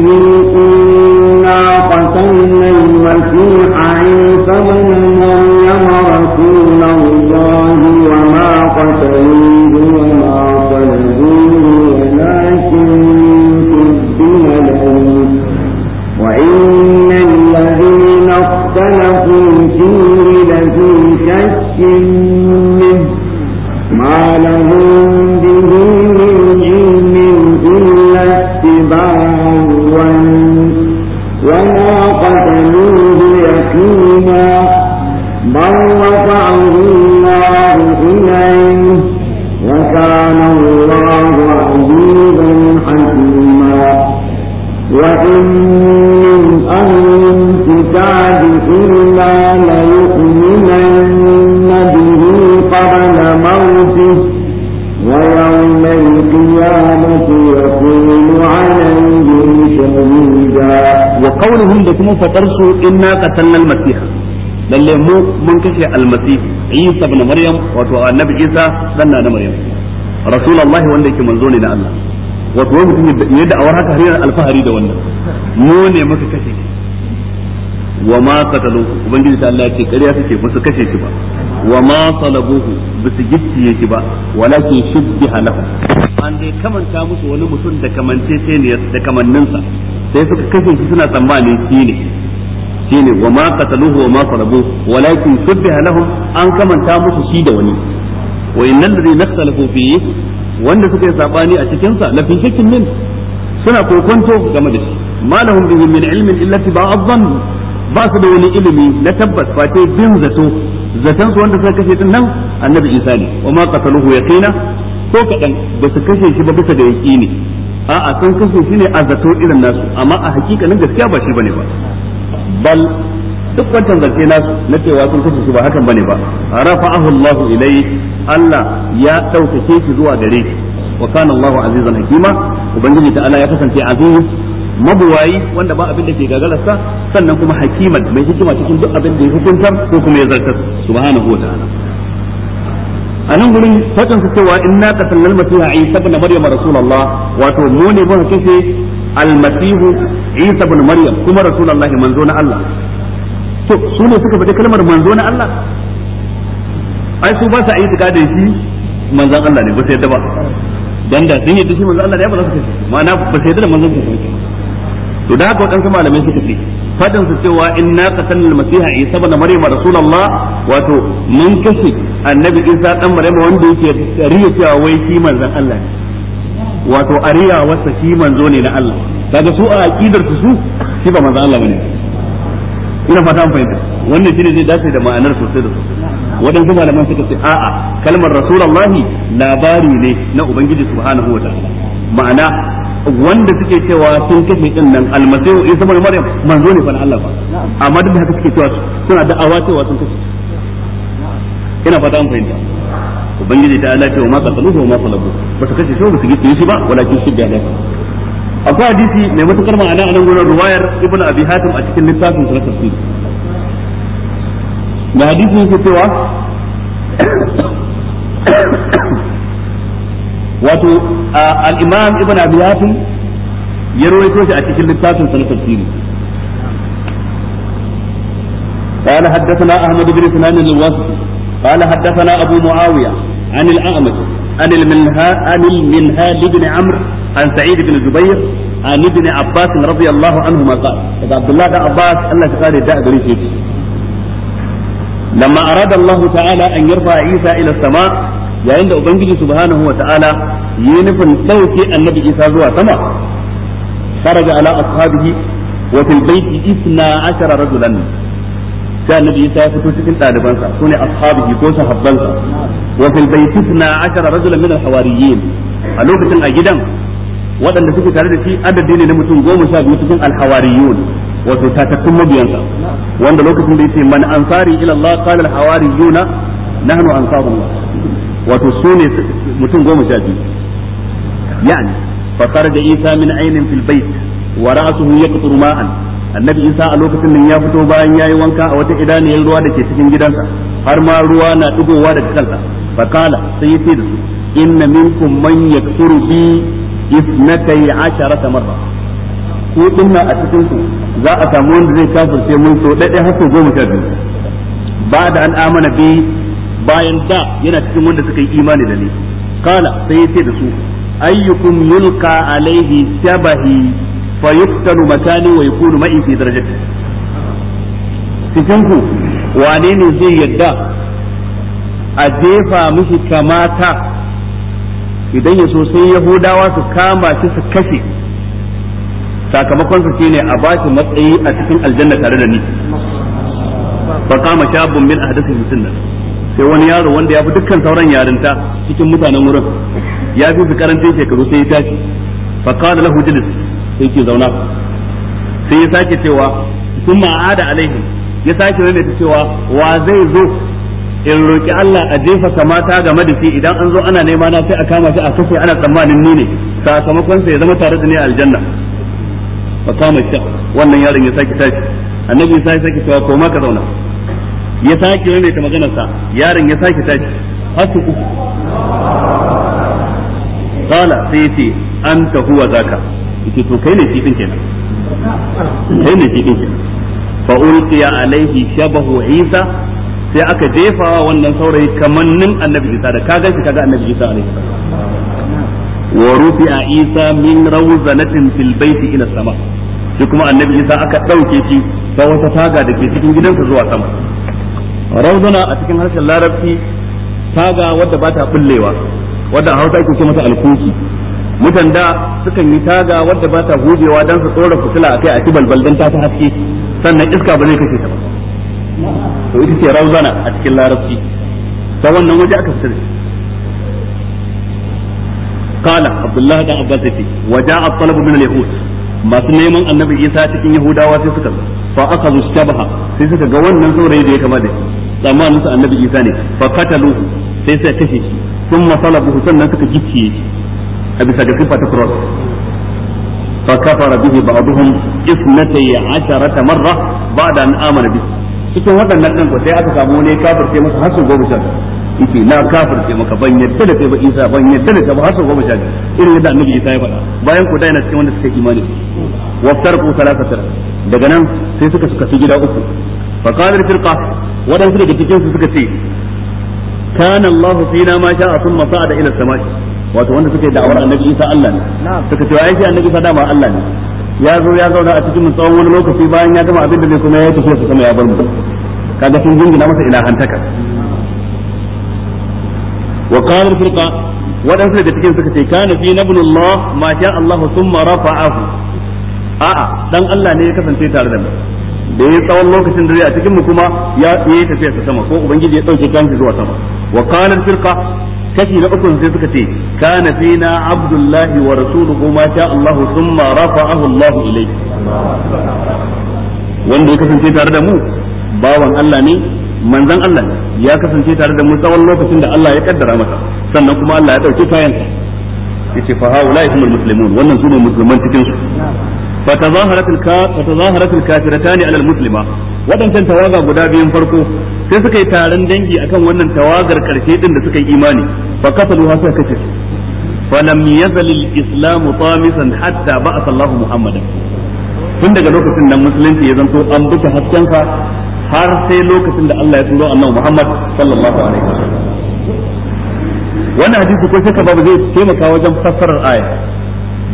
inna qatalna al-masih isa ibn maryam rasulullah فراق تنزيلا kuma fadar su inna qatalna al-masiha lalle mu mun kashe al-masih Isa ibn Maryam wato annabi Isa dan na Maryam rasulullahi wanda yake manzo ne na Allah wato wani mutum da awar haka har alfahari da wannan mu ne muka kashe wa ma qataluhu ubangiji ta Allah yake ce ƙarya suke ba su kashe shi ba wa ma salabuhu ba su gicciye shi ba walakin shubbiha lahu an dai kamanta musu wani mutum da kamancece ne da kamanninsa sai suka kashe shi suna tsammani shi ne shi ne wa ma qataluhu wa ma salabu walakin subbiha lahum an kamanta musu shi da wani wa innal ladhi nakhtalafu fihi wanda suka yi sabani a cikin sa lafi shakkin min suna kokonto game da shi malahum bihim min ilmin illa tiba'adhan ba su da wani ilimi na tabbas fa sai bin zato zaton su wanda suka kashe din nan annabi Isa ne wa ma qataluhu yaqina ko kadan ba su kashe shi ba bisa da yaqini a'a sun kashe shi ne a zato irin nasu amma a hakika nan gaskiya ba shi bane ba bal duk wancan zance nasu na cewa sun kashe shi ba hakan bane ba rafa'ahu Allahu ilayhi Allah ya ɗaukake shi zuwa gare shi wa kana Allahu azizan hakima ubangiji ta'ala ya kasance aziz mabuwayi wanda ba abin da ke gagararsa sannan kuma hakiman mai hikima cikin duk abin da ya hukunta ko kuma ya zartar subhanahu wa ta'ala anan gurin fatan su cewa inna qatallal masiha isa ibn maryam rasulullah wato mu ne muka kace al-masih isa ibn maryam kuma rasulullah manzo na Allah to su ne suka faɗi kalmar manzo na Allah ai su ba sa yi tuka da shi manzon Allah ne ba sai da ba dan da sun yi shi manzon Allah ne ba za su kace ma'ana ba sai da manzon su to da haka wadansu malamai suka ce fadin su cewa inna qatalna al-masiha isa ibn maryam rasulullah wato mun kashe annabi isa dan maryam wanda yake riya cewa wai shi manzon Allah ne wato ariya wasa shi manzo ne na Allah kaga su a aqidar su su shi ba manzon Allah bane ina fata an fahimta wannan shine zai dace da ma'anar sosai da sosai waɗansu malaman suka ce a'a kalmar rasulullahi labari ne na ubangiji subhanahu wa ta'ala ma'ana wanda suke cewa sun kashe din nan almasihu isa ibn maryam manzo ne fa na Allah ba amma duk da haka suke cewa suna da awa cewa sun kashe ina fata an fahimta ubangiji ta Allah cewa ma qataluhu wa ma salabu ba su kashe shi ba su gice shi ba walakin su biya a akwai hadisi mai matukar ma'ana a nan gurin ruwayar ibnu abi hatim a cikin littafin sa tafsir da hadisin yake cewa wato al-imam ibn abi yafi ya rawaito shi a cikin littafin sa na tafsiri قال حدثنا احمد بن سنان الواسطي قال حدثنا ابو معاويه عن الاعمش عن المنها عن المنهال بن عمرو عن سعيد بن جبير عن ابن عباس رضي الله عنهما قال إذا عبد الله بن عباس الله تعالى داء لما أراد الله تعالى أن يرفع عيسى إلى السماء yayin da ubangiji subhanahu wa ta'ala yi nufin dauke annabi isa zuwa sama faraja ala ashabihi wa fil baiti isna ashara rajulan sai annabi isa ya fito cikin ɗalibansa su ne ashabihi ko sahabbansa wa fil baiti isna ashara rajulan min al-hawariyin a lokacin a gidan waɗanda suke tare da shi adadi ne na mutum goma sha biyu cikin al-hawariyun wato tatattun mabiyansa wanda lokacin da yace man ansari ila Allah qala al-hawariyuna nahnu ansarullah wato su ne mutum goma sha biyu yani fakar da isa min ainin fil bait wa ra'suhu yaqturu ma'an annabi isa a lokacin nan ya fito bayan yayi wanka a wata idaniyar ruwa da ke cikin gidansa har ma ruwa na ɗigowa daga kansa fakala sai yace da su inna minkum man yakturu bi isnatay asharata marra ko dinna a cikin ku za a samu wanda zai kafirce mun so dade har goma sha biyu ba da an amana bi bayan da yana cikin wanda suka yi imani da ni kala sai yace da su ayyukum yulqa alaihi shabahi fa yuktalu matani wa yakunu ma'i fi darajati cikin ku wane ne zai yadda a jefa mishi kamata idan ya so sai yahudawa su kama shi su kashe sakamakon su shine a shi matsayi a cikin aljanna tare da ni fa kama shabun min ahdathihi sunnah sai wani yaro wanda ya fi dukkan sauran yarinta cikin mutanen wurin ya fi su karantin shekaru sai ya tashi fa qala lahu jilis sai ke zauna sai ya sake cewa sun ma'ada alaihi ya sake rane ta cewa wa zai zo in roki Allah a jefa kamata game da shi idan an zo ana nema na sai a kama shi a kashe ana tsammanin ni ne sakamakon sai ya zama tare da ni a aljanna fa kama shi wannan yaron ya sake tashi annabi sai sake cewa koma ka zauna ya sake rane ta maganarsa yaron ya sake tashi har uku kala sai ya ce an ta huwa zaka yake to kai ne shi din kenan kai ne shi din kenan fa ulqiya alaihi shabahu isa sai aka jefa wannan saurayi kamannin annabi isa da kaga shi kaga annabi isa alaihi wa rufi'a isa min rawzanatin fil baiti ila sama shi kuma annabi isa aka dauke shi ta wata taga da ke cikin gidansa zuwa sama rawduna a cikin harshen larabci taga wadda ba ta bullewa wadda a hausa ake ce mata alkuki mutan da sukan yi taga wadda ba ta hujewa dan su tsora fitila akai a kibal baldan ta ta haske sannan iska ba zai kashe ta ba to ita ce rawzana a cikin larabci ta wannan waje aka fitar قال عبد الله بن waja'a talabu min al-yahud masu neman annabi isa cikin yahudawa sai suka fa aka shabaha sai suka ga wannan saurayi da ya kama da tsammanin su annabi isa ne fa katalu sai suka kashe shi sun buhu sannan suka gicciye shi a bisa ga sifa ta cross fa kafara bihi ba'dhum ithnatay asharata marra ba'da an amana bihi cikin waɗannan ɗin ko sai aka samu ne kafir sai masa hasu goma sha yake na kafirce maka ban yadda da kai ba Isa ban yadda da kai ba har sau goma sha irin yadda annabi Isa ya faɗa bayan ku daina cikin wanda suka imani waftarqu thalathatar daga nan sai suka suka su gida uku fa qalat firqa wadansu daga cikin su suka ce kana Allah fina ma sha'a thumma sa'ada ila samai wato wanda suka yi da'awar annabi Isa Allah ne suka ce ai shi annabi Isa dama Allah ne ya zo ya zauna a cikin tsawon wani lokaci bayan ya gama abin da zai kuma ya tafi su sama ya bar mu kaga sun jingina masa ilahantaka wa qala al-firqa wadansu cikin suka ce kana fi nabnullah ma sha Allah thumma rafa'ahu a'a dan Allah ne ya kasance tare da mu da ya tsawon lokacin dare a cikin mu kuma ya yi tafiya ta sama ko ubangiji ya dauke kansa zuwa sama wa qala al-firqa kashi na uku sai suka ce abdullahi wa rasuluhu ma sha Allah thumma rafa'ahu wanda ya kasance tare da mu bawan Allah ne manzon Allah ya kasance tare da mu tsawon lokacin da Allah ya kaddara masa sannan kuma Allah ya dauki kayansa yace fa haula'i humul musulmin wannan sune musulman cikin su فتظاهرت الكا... فتظاهرت الكافرتان على waɗancan tawaga guda biyun farko sai suka yi taron dangi akan wannan tawagar karshe din da suka yi imani fa kasalu ha suka kace fa lam yazal al tamisan hatta ba'atha Allah Muhammadan tun daga lokacin nan musulunci ya zanto an hasken ka. har sai lokacin da Allah ya turo annabi Muhammad sallallahu alaihi wasallam wannan hadisi ko shakka babu zai taimaka wajen fassarar aya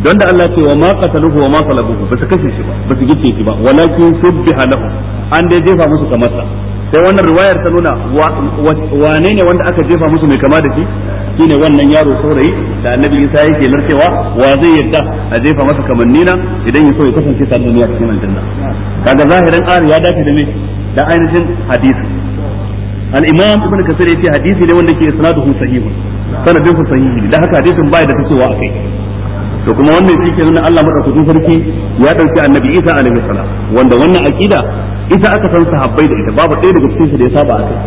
don da Allah ce wa ma qataluhu wa ma salabuhu ba su kashe shi ba ba su gice shi ba walakin subbiha lahu an dai jefa musu kamarsa sai wannan riwayar ta nuna wane ne wanda aka jefa musu mai kama da shi ne wannan yaro saurayi da annabi Isa yake narkewa wa zai yadda a jefa masa kamanni na idan so ya kasance tare da ni a cikin aljanna kaga zahirin ayar ya dace da me da ainihin hadisi al-imam ibn kasir yace hadisi ne wanda ke sanaduhu sahihun sanadin sahihi da haka hadisin baya da tacewa akai to kuma wannan shi ke nuna Allah madaukakin sarki ya dauki annabi Isa alaihi salam wanda wannan aqida ita aka san sahabbai da ita babu ɗaya daga cikin su da ya saba akai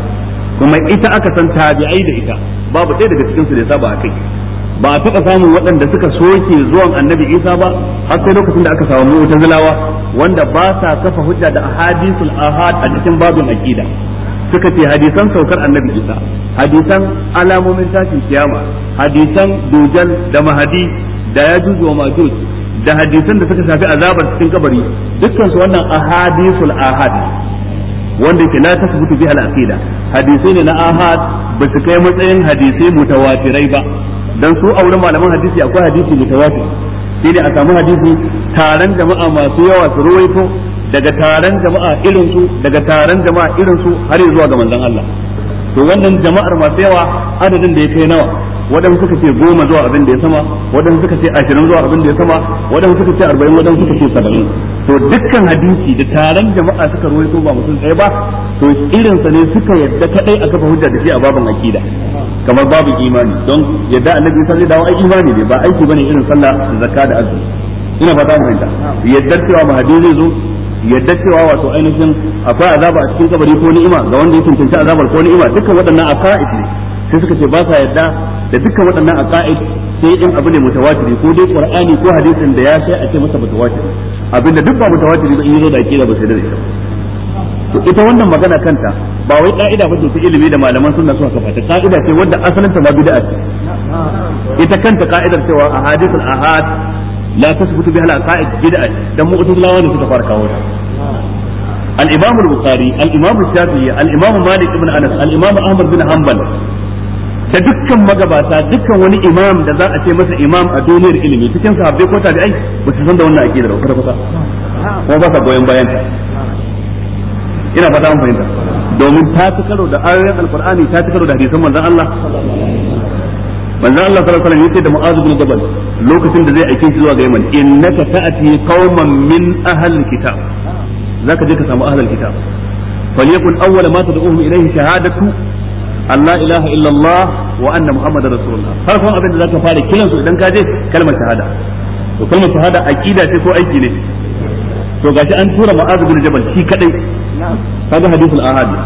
kuma ita aka san tabi'ai da ita babu ɗaya daga cikin su da ya saba akai ba a taɓa samun waɗanda suka soke zuwan annabi Isa ba har sai lokacin da aka samu mu'tazilawa wanda ba sa kafa hujja da ahadithul ahad a cikin babin aqida suka ce hadisan saukar annabi Isa hadisan alamomin tashin kiyama hadisan dujal da mahadi da ya juju wa majuj da hadisan da suka shafi azabar cikin kabari dukkan su wannan ahadisul ahad wanda yake la tasbutu biha aqida hadisai ne na ahad ba su kai matsayin hadisai mutawatirai ba dan su auren malaman hadisi akwai hadisi mutawatir sai ne a samu hadisi taron jama'a masu yawa su ruwaito daga taron jama'a irin su daga taron jama'a irinsu har zuwa ga manzon Allah to wannan jama'ar masu yawa adadin da ya kai nawa waɗansu suka ce goma zuwa abin da ya sama waɗansu suka ce ashirin zuwa abin da ya sama waɗansu suka ce arba'in waɗansu suka ce saba'in to dukkan hadisi da taron jama'a suka rawaito ba mutum ɗaya ba to irinsa ne suka yadda kaɗai a kafa hujja da shi a babin aƙida. kamar babu imani don yadda annabi isa zai dawo ai imani ne ba aiki bane irin sallah zakka da azumi ina fata mu fahimta yaddar cewa mahadi zai zo yadda cewa wato ainihin akwai azaba a cikin kabari ko ni'ima ga wanda ya cancanci azabar ko ni'ima dukkan waɗannan aqaid ne sai suka ce ba sa yadda da dukkan waɗannan aqaid sai in abu ne mutawatiri ko dai qur'ani ko hadisin da ya sai a ce masa mutawatiri abinda duk ba mutawatiri ba in yi zo da akida ba sai da ita to ita wannan magana kanta ba wai ka'ida ba ta ilimi da malaman sunna suka kafa ta ka'ida ce wanda asalin ta ma bid'a ce ita kanta ka'idar cewa ahadithul ahad la tasbutu biha bi aqaid bid'ah dan mu'tazilawa ne suka fara kawo ta al-imam al-bukhari al-imam malik ibn anas al ahmad bin hambal. da dukkan magabata dukkan wani imam da za a ce masa imam a duniyar ilimi cikin sahabbai ko ai ba su san da wannan aqidar ba kuma ba sa goyon bayan ta ina fata mun fahimta domin ta ci karo da ayoyin alqur'ani ta ci karo da hadisan manzon Allah manzo Allah sallallahu alaihi wasallam yace da Mu'adh ibn Jabal lokacin da zai aike shi zuwa ga Yaman innaka ta'ati qauman min ahli kitab zaka je ka samu ahli kitab falyakun awwala ma tad'uhum ilayhi shahadatu Allah ilaha illallah wa anna muhammadar rasulullah farkon abin da zaka fara kiran su idan ka je kalmar shahada to kalmar shahada aqida ce ko aiki ne to gashi an tura Mu'adh ibn Jabal shi kadai kaga hadithul ahadi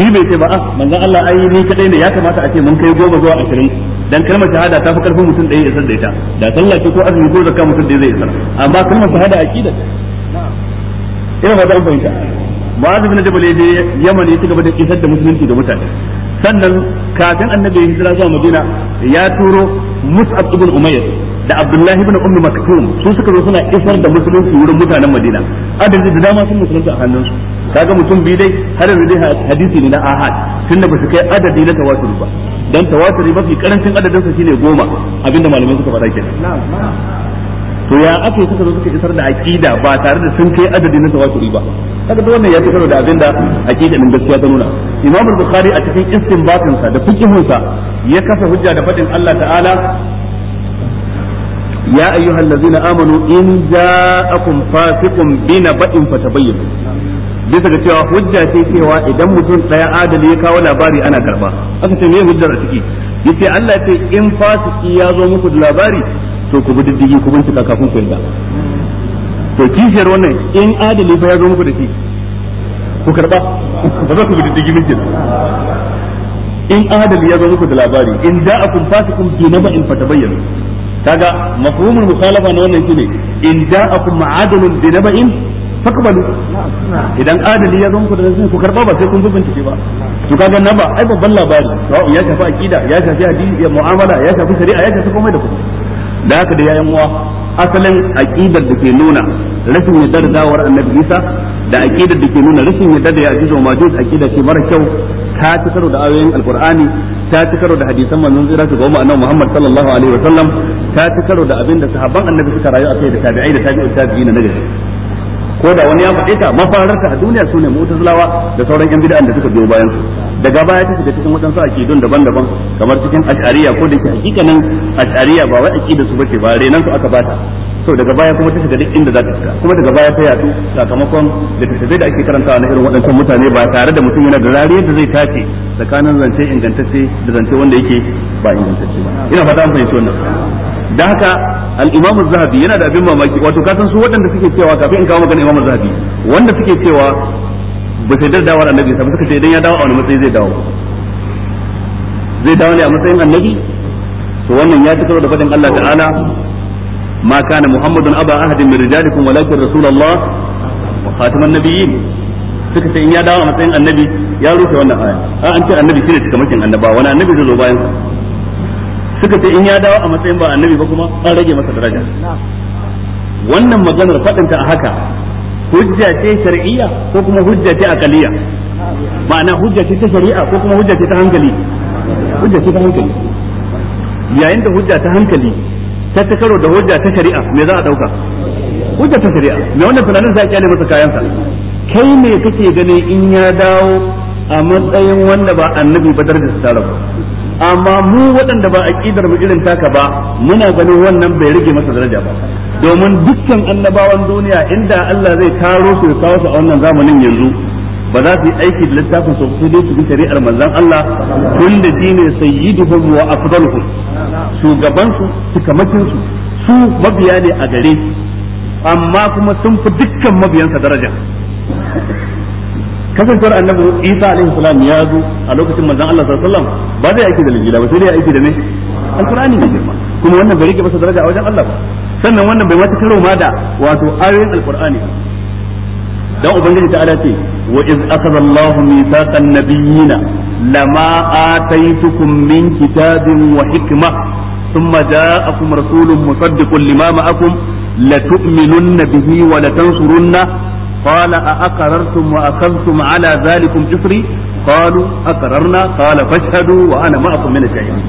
shi bai ce ba a ah, manzon Allah ai ni kadai ne ya kamata a ce mun kai goma zuwa ashirin dan kalmar shahada ta fi karfin mutum ɗaya isar da ita da sallah ce ko azumi ko zakka mutum ɗaya zai isar amma kalmar shahada aqida ina ba ta an ba Mu'adh bin Jabal ya je Yaman ya ci gaba da isar da musulunci ga mutane sannan kafin annabi ya hijira zuwa madina ya turo mus'ab ibn umayr da abdullahi ibn ummi maktum su suka zo suna isar da musulunci wurin mutanen madina adadi da dama sun musulunta a hannunsu kaga mutum bi dai har yanzu dai hadisi ne na ahad tunda ba su kai adadi na tawatur ba dan tawatur mafi karancin adadin sa shine goma abinda malamai suka faɗa kenan to ya ake suka zo suka isar da aqida ba tare da sun kai adadi na tawaturi ba kaga to wannan ya fi fitar da abinda aqida din gaskiya ta nuna Imam Bukhari a cikin istinbatin sa da fiqhun sa ya kafa hujja da fadin Allah ta'ala ya ayyuhal ladzina amanu in ja'akum fasiqun binaba'in fatabayyanu bisa ga cewa hujja ce cewa idan mutum daya adali ya kawo labari ana karba aka ce me hujjar a ciki yace Allah ya ce in fasiki ya zo muku da labari so ku bi diddigi ku bincika kafin ku yarda to kishiyar wannan in adali fa ya zo muku da shi ku karba ba za ku bi diddigi miki in adali ya zo muku da labari in ja'akum fasikum bi naba'in fatabayyanu kaga mafhumul mukhalafa na wannan shine in ja'akum ma'adalun bi naba'in fakbalu idan adali ya zo muku da shi ku karba ba sai kun bincike ba to kaga naba ai babban labari ya shafi aqida ya shafi hadisi ya mu'amala ya shafi shari'a ya shafi komai da komai da haka da yayan uwa asalin aqidar da ke nuna rashin yadda da dawar annabi Isa da aqidar da ke nuna rashin yadda da ya'juj wa majuj aqida ce mara kyau ta ci karo da ayoyin alqur'ani ta ci karo da hadisan manzon zira ga umma annabi Muhammad sallallahu alaihi ta ci karo da abinda sahabban annabi suka rayu akai da tabi'ai da tabi'ut tabi'in na gari ko da wani ya faɗe ta mafararta a duniya sune mu'tazilawa da sauran yan bid'a da suka biyo bayan su daga baya ta shiga cikin waɗansu akidun daban-daban kamar cikin ash'ariya ko da ke hakikanin ash'ariya ba wai akida su bace ba renan su aka bata to daga baya kuma ta shiga duk inda za ta shiga kuma daga baya ta yadu sakamakon da tattabai da ake karantawa na irin waɗancan mutane ba tare da mutum yana da rariyar da zai tace tsakanin zance ingantacce da zance wanda yake ba ingantacce ba ina fata an fahimci wannan da haka al-imam az-zahabi yana da abin mamaki wato kasan su waɗanda suke cewa kafin in kawo magana imam az-zahabi wanda suke cewa ba sai dar dawo annabi sai suka ce idan ya dawo a wani matsayi zai dawo zai dawo ne a matsayin annabi to wannan ya tukaro da fadin Allah ta'ala ma kana muhammadun aba ahadin min rijalikum walakin rasulullah wa khataman nabiyyin suka ce in ya dawo a matsayin annabi ya rufe wannan aya a an ce annabi shine cikamakin annaba wani annabi zai zo bayan suka ce in ya dawo a matsayin ba annabi ba kuma an rage masa daraja wannan maganar faɗinta a haka hujja ce shar'iyya ko kuma hujja ce aqaliyya ma'ana hujja ce ta shari'a ko kuma hujja ce ta hankali hujja ce ta hankali yayin da hujja ta hankali ta ta karo da hujja ta shari'a me za a dauka hujja ta shari'a me wannan za sai kyale masa kayansa kai me kake ganin in ya dawo a matsayin wanda ba annabi ba darajar sa ba amma mu waɗanda ba a ƙidar mu irin taka ba muna ganin wannan bai rage masa daraja ba domin dukkan annabawan duniya inda Allah zai taro su ya kawo su a wannan zamanin yanzu ba za su yi aiki da littafin su su dai su bi shari'ar manzon Allah tun da dine sayyiduhum wa afdaluhum shugaban su tukamakin su su mabiya ne a gare amma kuma sun fi dukkan mabiyansa daraja kasancewar annabi Isa alaihi salam ya zo a lokacin manzon Allah sallallahu alaihi wasallam ba zai aiki da linjila ba sai dai aiki da ne alqur'ani ne girma kuma wannan bai rike masa daraja a wajen Allah ba sannan wannan bai mata karo ma da wato ayoyin alqur'ani dan ubangiji ta ala ce wa iz akhadha Allahu mithaqan nabiyyina lama ataytukum min kitabin wa hikma ثم جاءكم رسول مصدق لما معكم لتؤمنن به ولتنصرنه قال أأقررتم وأخذتم على ذلكم إصري قالوا أقررنا قال فاشهدوا وأنا معكم من الشاهدين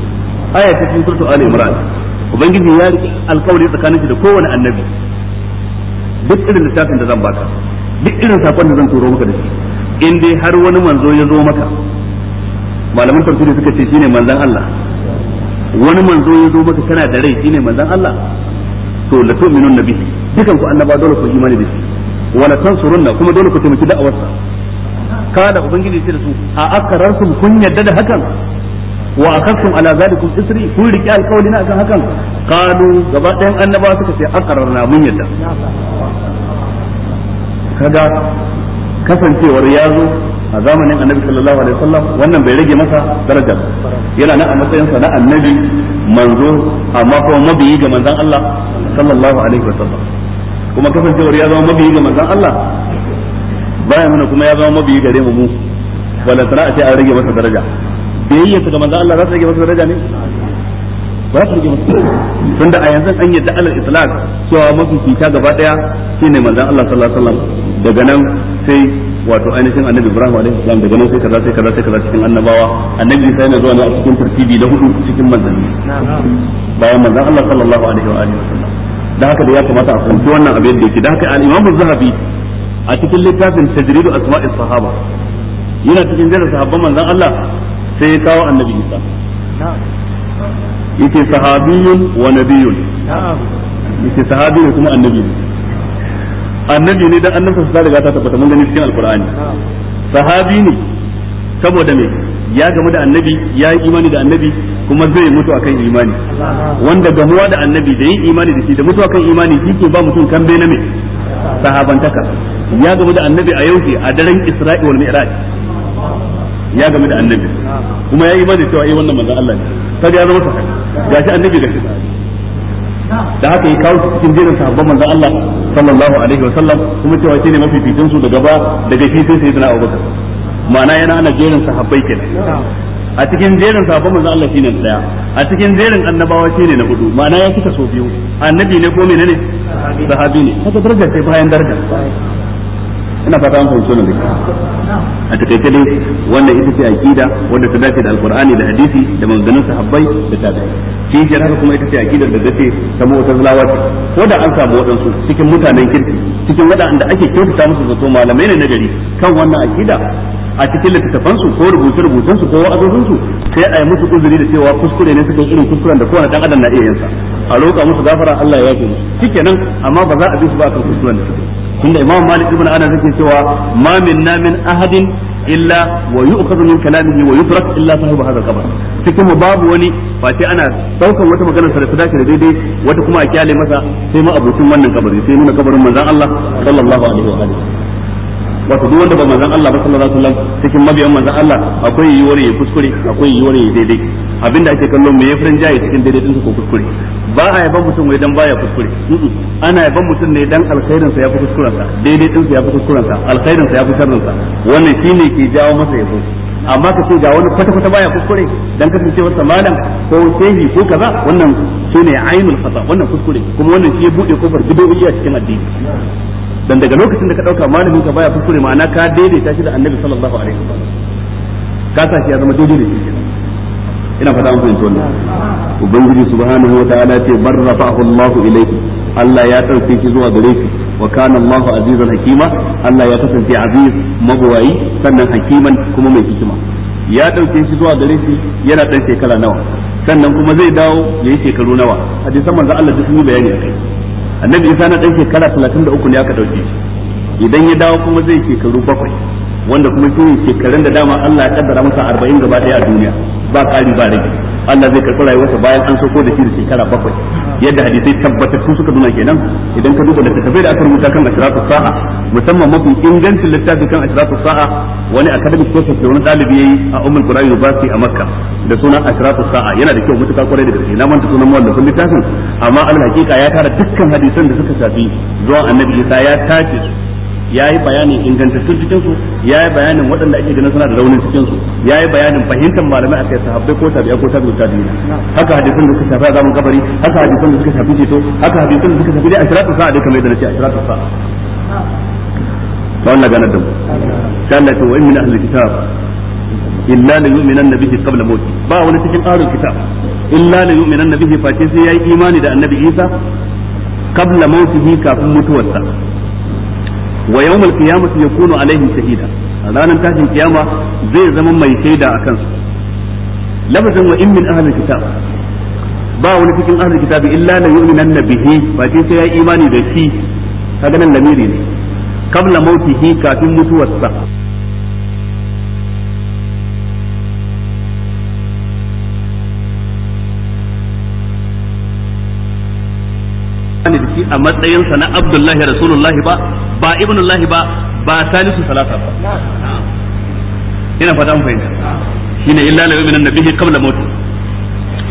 آية تكون سورة آل عمران وبنجد يارك القول يتكلم في كون النبي duk irin littafin da zan baka duk irin sakon da zan turo maka da shi in dai har wani manzo ya zo maka malaman tafsiri suka ce shine manzon Allah wani manzo ya zo maka kana da rai shine manzon Allah to la tu'minun nabihi dukan ku annaba dole ku imani da shi wa tansurun tansurunna kuma dole ku taimaki da'awarsa kada ubangiji ce da su a akararkum kun yadda da hakan wa akhadtum ala zalikum isri kun riki alkawlina akan hakan Kanu, gaba ɗayan annabawa suka ce akararna mun yadda kaga kasancewar ya zo a zamanin annabi sallallahu alaihi wasallam wannan bai rage masa daraja yana nan a matsayin sa na annabi manzo amma kuma mabiyi ga manzon Allah sallallahu alaihi wasallam kuma kasancewar ya zama mabiyi ga manzon Allah baya nuna kuma ya zama mabiyi gare mu mu wala tana a ce an rage masa daraja biyayyarsa ga manzon Allah za ta rage masa daraja ne ba su rage masa daraja. tunda a yanzu an yadda alal islam cewa mafi fita gaba daya shine manzon Allah sallallahu alaihi wasallam daga nan sai wato ainihin annabi Ibrahim alaihi salam daga nan sai kaza sai kaza sai kaza cikin annabawa annabi sai yana zuwa ne a cikin tartibi na hudu cikin manzanni bayan manzon Allah sallallahu alaihi wa alihi wasallam da haka da ya kamata a fahimci wannan abin da yake da haka al-Imam zahabi a cikin littafin tajridu asma'i sahaba yana cikin jira sahabban manzon Allah sai ya kawo annabi Isa yake sahabiyun wa nabiyun yake sahabi kuma annabi ne annabi ne dan annabin sa riga ta tabbata mun gani cikin alqur'ani sahabi ne saboda me ya gamu da annabi ya yi imani da annabi kuma zai mutu akan imani wanda gamuwa da annabi da yin imani da shi da mutu akan imani shi ke ba mutum kambe na me sahabantaka ya gamu da annabi a yauke a daren isra'i wal mi'raj ya gamu da annabi kuma ya imani cewa yi wannan manzon Allah ne sai ya zama ga shi annabi shi. da haka ya kawo cikin jerin sahabban manzon Allah sallallahu alaihi wa sallam kuma cewa shine mafificin su daga ba daga shi sai sayyidina Abubakar ma'ana yana ana jerin sahabbai kenan a cikin jerin sabon manzon Allah shine na daya a cikin jerin annabawa shine na hudu ma'ana ya kika so biyu annabi ne ko menene sahabi ne haka daraja sai bayan daraja ina fata an fahimci wannan a takaice dai wannan ita ce aqida wanda ta dace da alqur'ani da hadisi da manzanin sahabbai da tabi'i shi ke haka kuma ita ce aqidar da dace ta mu zalawa ko da an samu wadansu cikin mutanen kirki cikin wadanda ake kyautata musu zato malamai ne na gari kan wannan aqida a cikin littattafan su ko rubuce rubucen su ko wa'azozin su sai a yi musu uzuri da cewa kuskure ne suka irin kuskuren da kowane dan adam na iya yin sa a roƙa musu gafara Allah ya yafe musu shikenan amma ba za a bi su ba akan kuskuren da suka tunda imam malik ibn anas yake cewa ma minna min ahadin illa wa yu'khadhu min kalamihi wa yutrak illa sahibu hadha al-qabr cikin mu babu wani ba sai ana daukan wata magana sa da ta dace da daidai wata kuma a kyale masa sai ma abucin wannan kabari sai nuna kabarin manzon Allah sallallahu alaihi wa alihi wato duk wanda ba manzon Allah ba sallallahu alaihi wasallam cikin mabiyan manzon Allah akwai yiwuwar ya kuskure akwai yiwuwar ya daidai abinda ake kallon me ya furan jaye cikin daidai din ko kuskure ba a yaban mutum wai dan baya kuskure ana yaban mutum ne dan alkhairin sa ya fi kuskuren sa daidai din sa ya fi kuskuren sa alkhairin sa ya fi sharrin sa wannan shine ke jawo masa yabo amma ka ce ga wani kwata kwata baya kuskure dan kasancewar sa malam ko shehi ko kaza wannan shine ainul khata wannan kuskure kuma wannan shi ya bude kofar bid'o'i a cikin addini dan daga lokacin da ka dauka malamin ka baya kuskure ma'ana ka daidaita shi da annabi sallallahu alaihi wasallam ka sa shi ya zama dole ne shi ina fata an fahimta wannan ubangiji subhanahu wa ta'ala ce bar rafa'ahu Allahu ilayhi Allah ya dauke shi zuwa gare shi wa kana Allahu azizan hakima Allah ya kasance aziz magwayi sannan hakiman kuma mai hikima ya dauke shi zuwa gare shi yana dan shekara nawa sannan kuma zai dawo yayi shekaru nawa hadisan manzo Allah duk sun bayani akai annabi isa na dan shekara 33 ne aka dauke shi idan ya dawo kuma zai shekaru bakwai wanda kuma su shekarun da dama Allah ya kaddara masa arba'in gaba daya a duniya ba ƙari ba rage Allah zai karɓi rayuwarsa bayan an sauko da shi da shekara bakwai yadda hadisai su suka nuna kenan idan ka duba littattafai da aka rubuta kan ashratu sa'a musamman mafi ingancin littafi kan ashratu sa'a wani academic process da wani ɗalibi yayi a Ummul Qura University a Makka da suna ashratu sa'a yana da kyau mutuka kwarai da gaske na manta sunan mawallafin littafin amma al hakika ya tara dukkan hadisan da suka shafi zuwa Annabi Isa ya tace yayi bayanin ingantattun cikin su yayi bayanin waɗanda ake ganin suna da raunin cikin su yayi bayanin fahimtar malamai kai sahabbai ko tabi'a ko tabi'u tabi'in haka hadisin da suka shafi zaman kabari haka hadisin da suka shafi ceto haka hadisin da suka shafi da ashratu sa'a da kamar yadda nace ashratu sa'a wannan ganar da mu sai Allah ta wa'in min ahli kitab illa la yu'minan bihi qabla mawti ba wani cikin ahlul kitab illa la yu'minan bihi fa sai yayi imani da annabi Isa qabla mawtihi kafin mutuwarsa wa yawmal ya yakunu alaihim shahida a ranar tashin kiyama zai zama mai shaida a kansu lafazin wa in min ahlil ba wani cikin ahlil kitab illa la yu'minanna bihi ba ce sai ya imani da shi kaga nan lamiri ne kamla mautihi kafin mutuwarsa a matsayin sa na Abdullahi Rasulullahi ba ba Ibnullahi ba ba Salisu Salata ba ina fata mun fahimta shine illa la yu'minu nabihi qabla maut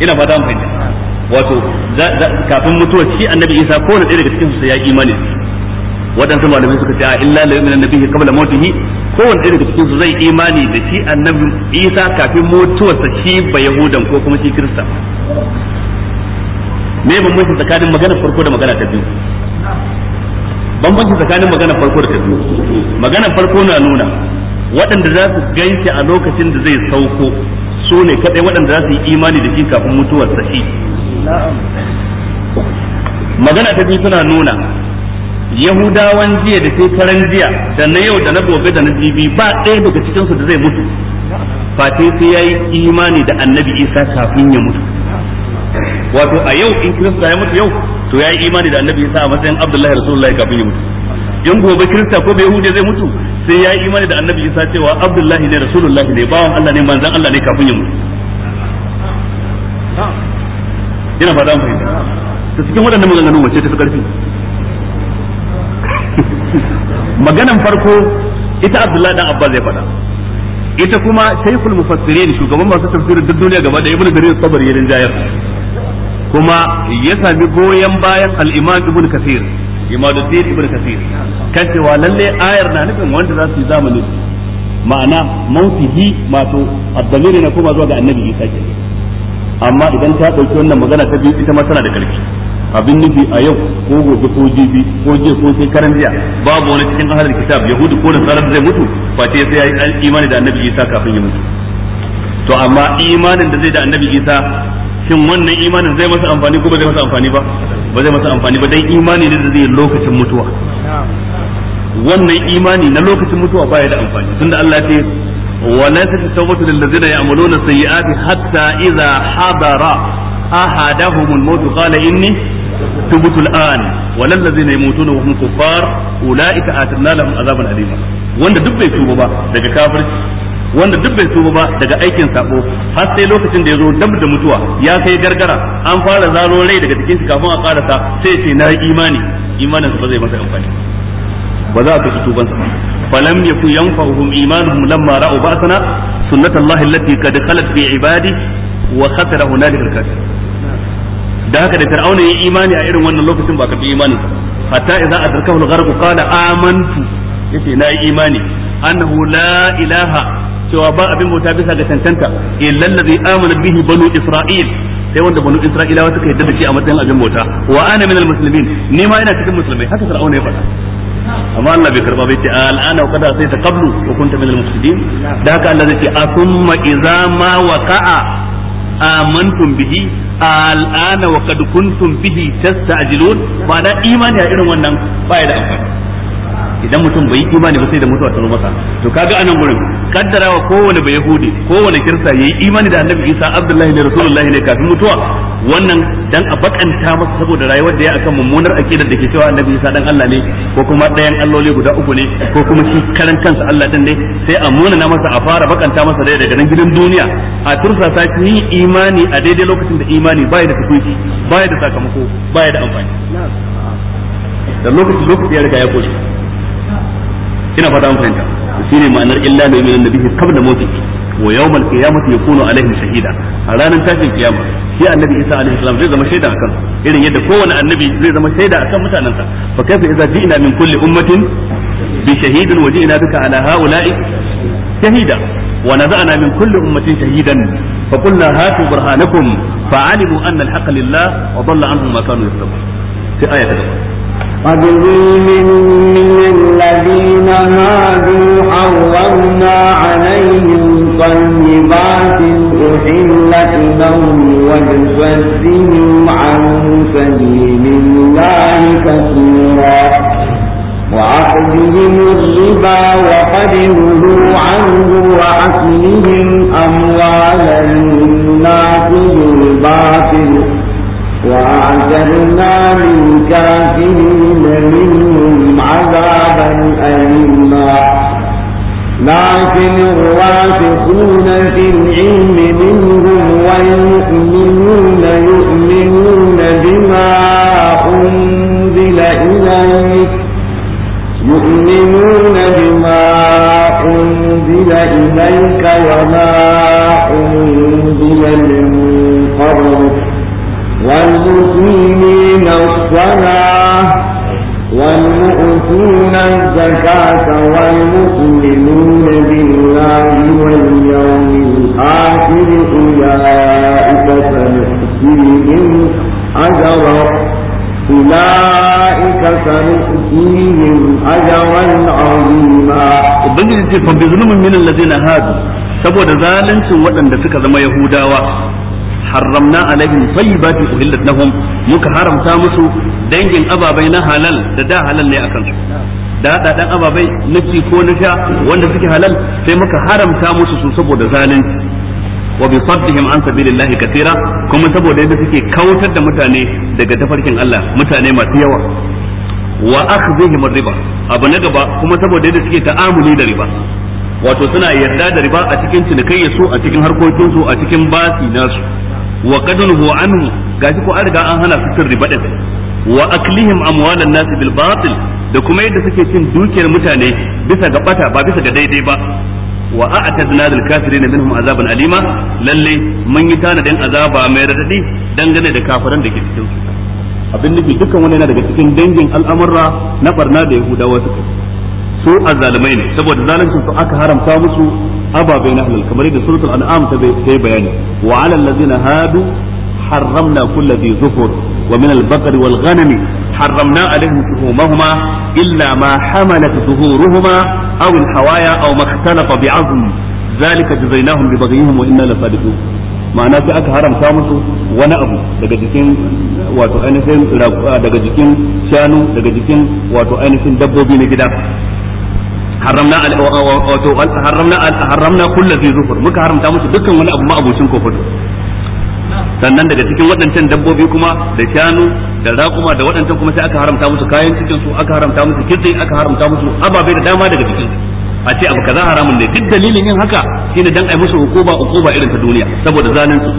ina fata mun fahimta wato kafin mutuwa shi annabi Isa ko ne daga cikin su ya imani waɗansu malamai suka ce a illa la yu'minu nabihi qabla mautihi kowanne daga cikin su zai imani da shi annabi Isa kafin mutuwarsa shi ba Yahudan ko kuma shi Kirista me bambanci tsakanin magana farko da magana ta biyu bambanci tsakanin magana farko da ta biyu magana farko na nuna waɗanda za su ganshi a lokacin da zai sauko su ne kaɗai waɗanda za su yi imani da shi kafin mutuwar shi magana ta biyu tana nuna yahudawan jiya da shekaran jiya da na yau da na gobe da na jibi ba ɗaya daga cikinsu da zai mutu fatai sai ya yi imani da annabi isa kafin ya mutu wato a yau in kirista ya mutu yau to ya yi imani da annabi isa a matsayin abdullahi rasulullahi kafin ya mutu in gobe kirista ko bai hude zai mutu sai ya yi imani da annabi isa cewa abdullahi ne rasulullahi ne bawan allah ne manzan allah ne kafin ya mutu ina fata mu fahimta ta cikin waɗannan maganganu wacce ta fi ƙarfi maganan farko ita abdullahi dan abba zai faɗa ita kuma shaykhul mufassirin shugaban masu tafsirin duk duniya gaba da ibnu jarir tabari yarin jayar kuma ya sami goyon bayan al'imam Ibn kasir Imaduddin Ibn Kathir kan cewa lalle ayar na nufin wanda za su yi zamani ma'ana mautihi mato addamiri na kuma zuwa ga Annabi Isa ke amma idan ta dauki wannan magana ta biyu ita ma tana da karfi abin nufi a yau ko gobe ko jibi ko je ko sai karan jiya babu wani cikin ahlul kitab yahudu ko nasarar zai mutu face sai yayi imani da Annabi Isa kafin ya mutu to amma imanin da zai da Annabi Isa shin wannan imanin zai masa amfani ko ba zai masa amfani ba ba zai masa amfani ba dan imani ne da zai lokacin mutuwa wannan imani na lokacin mutuwa baya da amfani tunda Allah ya ce ولا تتوبوا للذين يعملون السيئات حتى إذا حضر أحدهم الموت قال إني تبت الآن ولا الذين يموتون وهم كفار أولئك آتنا لهم alima wanda duk bai يتوب ba daga kafirci wanda duk bai tuba ba daga aikin sabo har sai lokacin da ya zo dab da mutuwa ya kai gargara an fara zaro rai daga cikin shi kafin a karasa sai sai na imani imanin ba zai masa amfani ba za a kashe tuban sa falam yakun yanfa'uhum imanuhum lamma ra'u ba'sana sunnatullahi allati qad khalat fi ibadi wa khatara hunalika al-kafir da haka da fir'auna yayi imani a irin wannan lokacin ba ka karbi imanin hatta idza adrakahu al-gharq qala amantu yace na yi imani annahu la ilaha cewa ba abin bauta bisa ga tantanta illa allazi amana bihi banu isra'il sai wanda banu isra'ilawa suka yadda da shi a matsayin abin bauta wa ana minal muslimin ni ma ina cikin musulmai haka fir'auna ya faɗa amma Allah bai karba bai ce al'ana kada sai ta qablu wa kunta minal mufsidin da haka Allah zai ce asumma idza ma waqa'a amantum bihi al'ana wa qad kuntum bihi tasta'jilun ba da imani a irin wannan ba da amfani idan mutum bai yi imani ba sai da mutuwa ta zo masa to kaga anan gurin kaddarawa kowane bai yahudi kowane kirsa yayi imani da annabi isa abdullahi ne rasulullahi ne kafin mutuwa wannan dan a bakanta masa saboda rayuwar da ya akan mummunar akidar da ke cewa annabi isa dan Allah ne ko kuma dayan alloli guda uku ne ko kuma shi karan kansa Allah din ne sai a munana masa a fara bakanta masa dai daga nan gidan duniya a tursa sa yi imani a daidai lokacin da imani bai da tukuci bai da sakamako bai da amfani da lokaci lokaci ya riga ya koshi ina fata an fahimta shine ma'anar illa da minan nabi qabla mawtihi wa yawm al-qiyamati yakunu alaihim shahida a ranar tashin kiyama shi annabi Isa alaihi salam zai zama shaida akan irin yadda kowanne annabi zai zama shaida akan mutanansa fa kaifa idza ji'na min kulli ummatin bi shahidin wa ji'na bika ala ha'ula'i shahida wa naza'na min kulli ummatin shahidan fa qulna hatu burhanakum fa alimu anna al-haqqa lillah wa dhalla anhum ma kanu yaftarun sai aya ta gaba وبذي من, من الذين هادوا حرمنا عليهم طيبات أحلت لهم وبصدهم عن سبيل الله كثيرا وعقدهم الربا وقد نهوا عنه وأكلهم أموال الناس بالباطل وأعتدنا للكافرين منهم عذابا أليما لكن الراسخون في العلم منهم والمؤمنون يؤمنون بما أنزل إليك يؤمنون بما أنزل إليك وما أنزل من قبلك والمؤمنين الصلاة والمؤتون الزكاة والمؤمنون بالله واليوم الآخر أولئك سنؤتيهم أجرا أولئك سنؤتيهم أجرا عظيما وبنجد فبظلم من الذين هادوا saboda zalincin waɗanda suka zama Yahudawa harramna alaihim tayyibati na lahum muka haramta musu dangin ababai na halal da da halal ne akan su da dadan ababai na ci ko na sha wanda suke halal sai muka haramta musu su saboda zalunci wa bi saddihim an sabilillahi katira kuma saboda yadda suke kautar da mutane daga tafarkin Allah mutane masu yawa wa akhdhihim riba abu na gaba kuma saboda yadda suke ta'amuli da riba wato suna yarda da riba a cikin cinikayya su a cikin harkokin su a cikin basi nasu wa huwa anhu gashi ko an riga an hana su cin riba din wa aklihim amwalan nasi bil batil da kuma yadda suke cin dukiyar mutane bisa ga bata ba bisa ga daidai ba wa a'tadna lil kafirin minhum azaban alima lalle mun yi tanadin azaba mai radadi dangane da kafiran da ke cikin su abin nufi dukkan wani yana daga cikin dangin al'amurra na barna da yahudawa suka su azzalumai ne saboda zalincin su aka haramta musu ababai na halal kamar yadda suratul an'am ta bai bayani wa alal ladzina hadu harramna kulli dhi zuhur wa min al baqri wal ghanami harramna alaihim shuhumahuma illa ma hamalat zuhuruhuma aw al hawaya aw ma ikhtalafa bi azm zalika jazainahum bi baghihim wa inna la sadiqun ma'ana sai aka haramta musu wani abu daga jikin daga jikin shanu daga jikin wato ainihin dabbobi na gida haramna wato haramna haramna kullu zai zufur muka haramta musu dukkan wani abu ma abocin kofato sannan daga cikin waɗancan dabbobi kuma da shanu da raƙuma da waɗancan kuma sai aka haramta musu kayan cikin su aka haramta musu kitse aka haramta musu ababai da dama daga cikin a ce abu kaza haramun ne duk dalilin yin haka shine dan ai musu hukuma hukuma irin ta duniya saboda zalunci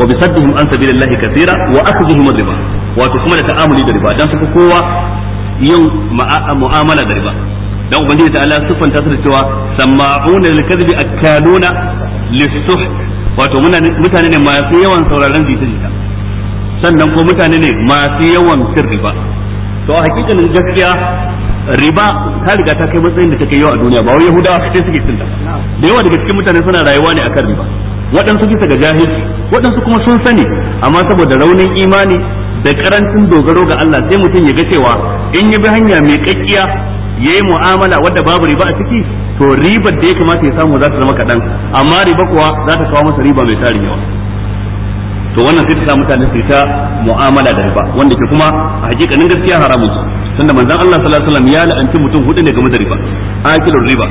wa bisaddihim an sabilillahi kathira wa akhdhihim riba wato kuma da ta'amuli da riba dan suka kowa yin mu'amala da riba dan ubangiji ta'ala siffanta su da cewa sama'una lil kadhibi akaluna lisuh wato mutane ne masu yawan sauraron jita jita sannan ko mutane ne masu yawan cin riba to a hakikanin gaskiya riba ta riga ta kai matsayin da take yau a duniya ba wai yahudawa kace suke cin ta da yawa daga cikin mutane suna rayuwa ne akan riba waɗansu bisa ga jahilci waɗansu kuma sun sani amma saboda raunin imani da karancin dogaro ga Allah sai mutum ya ga cewa in ya bi hanya mai kakkiya ya yi mu'amala wadda babu riba a ciki to ribar da ya kamata ya samu za ta zama kaɗan amma riba kuwa za ta kawo masa riba mai tarin yawa to wannan sai ta sa mutane su ta mu'amala da riba wanda ke kuma a hakikanin gaskiya haramun su tunda manzon Allah sallallahu alaihi wasallam ya la'anci mutum hudu ne game da riba akilur riba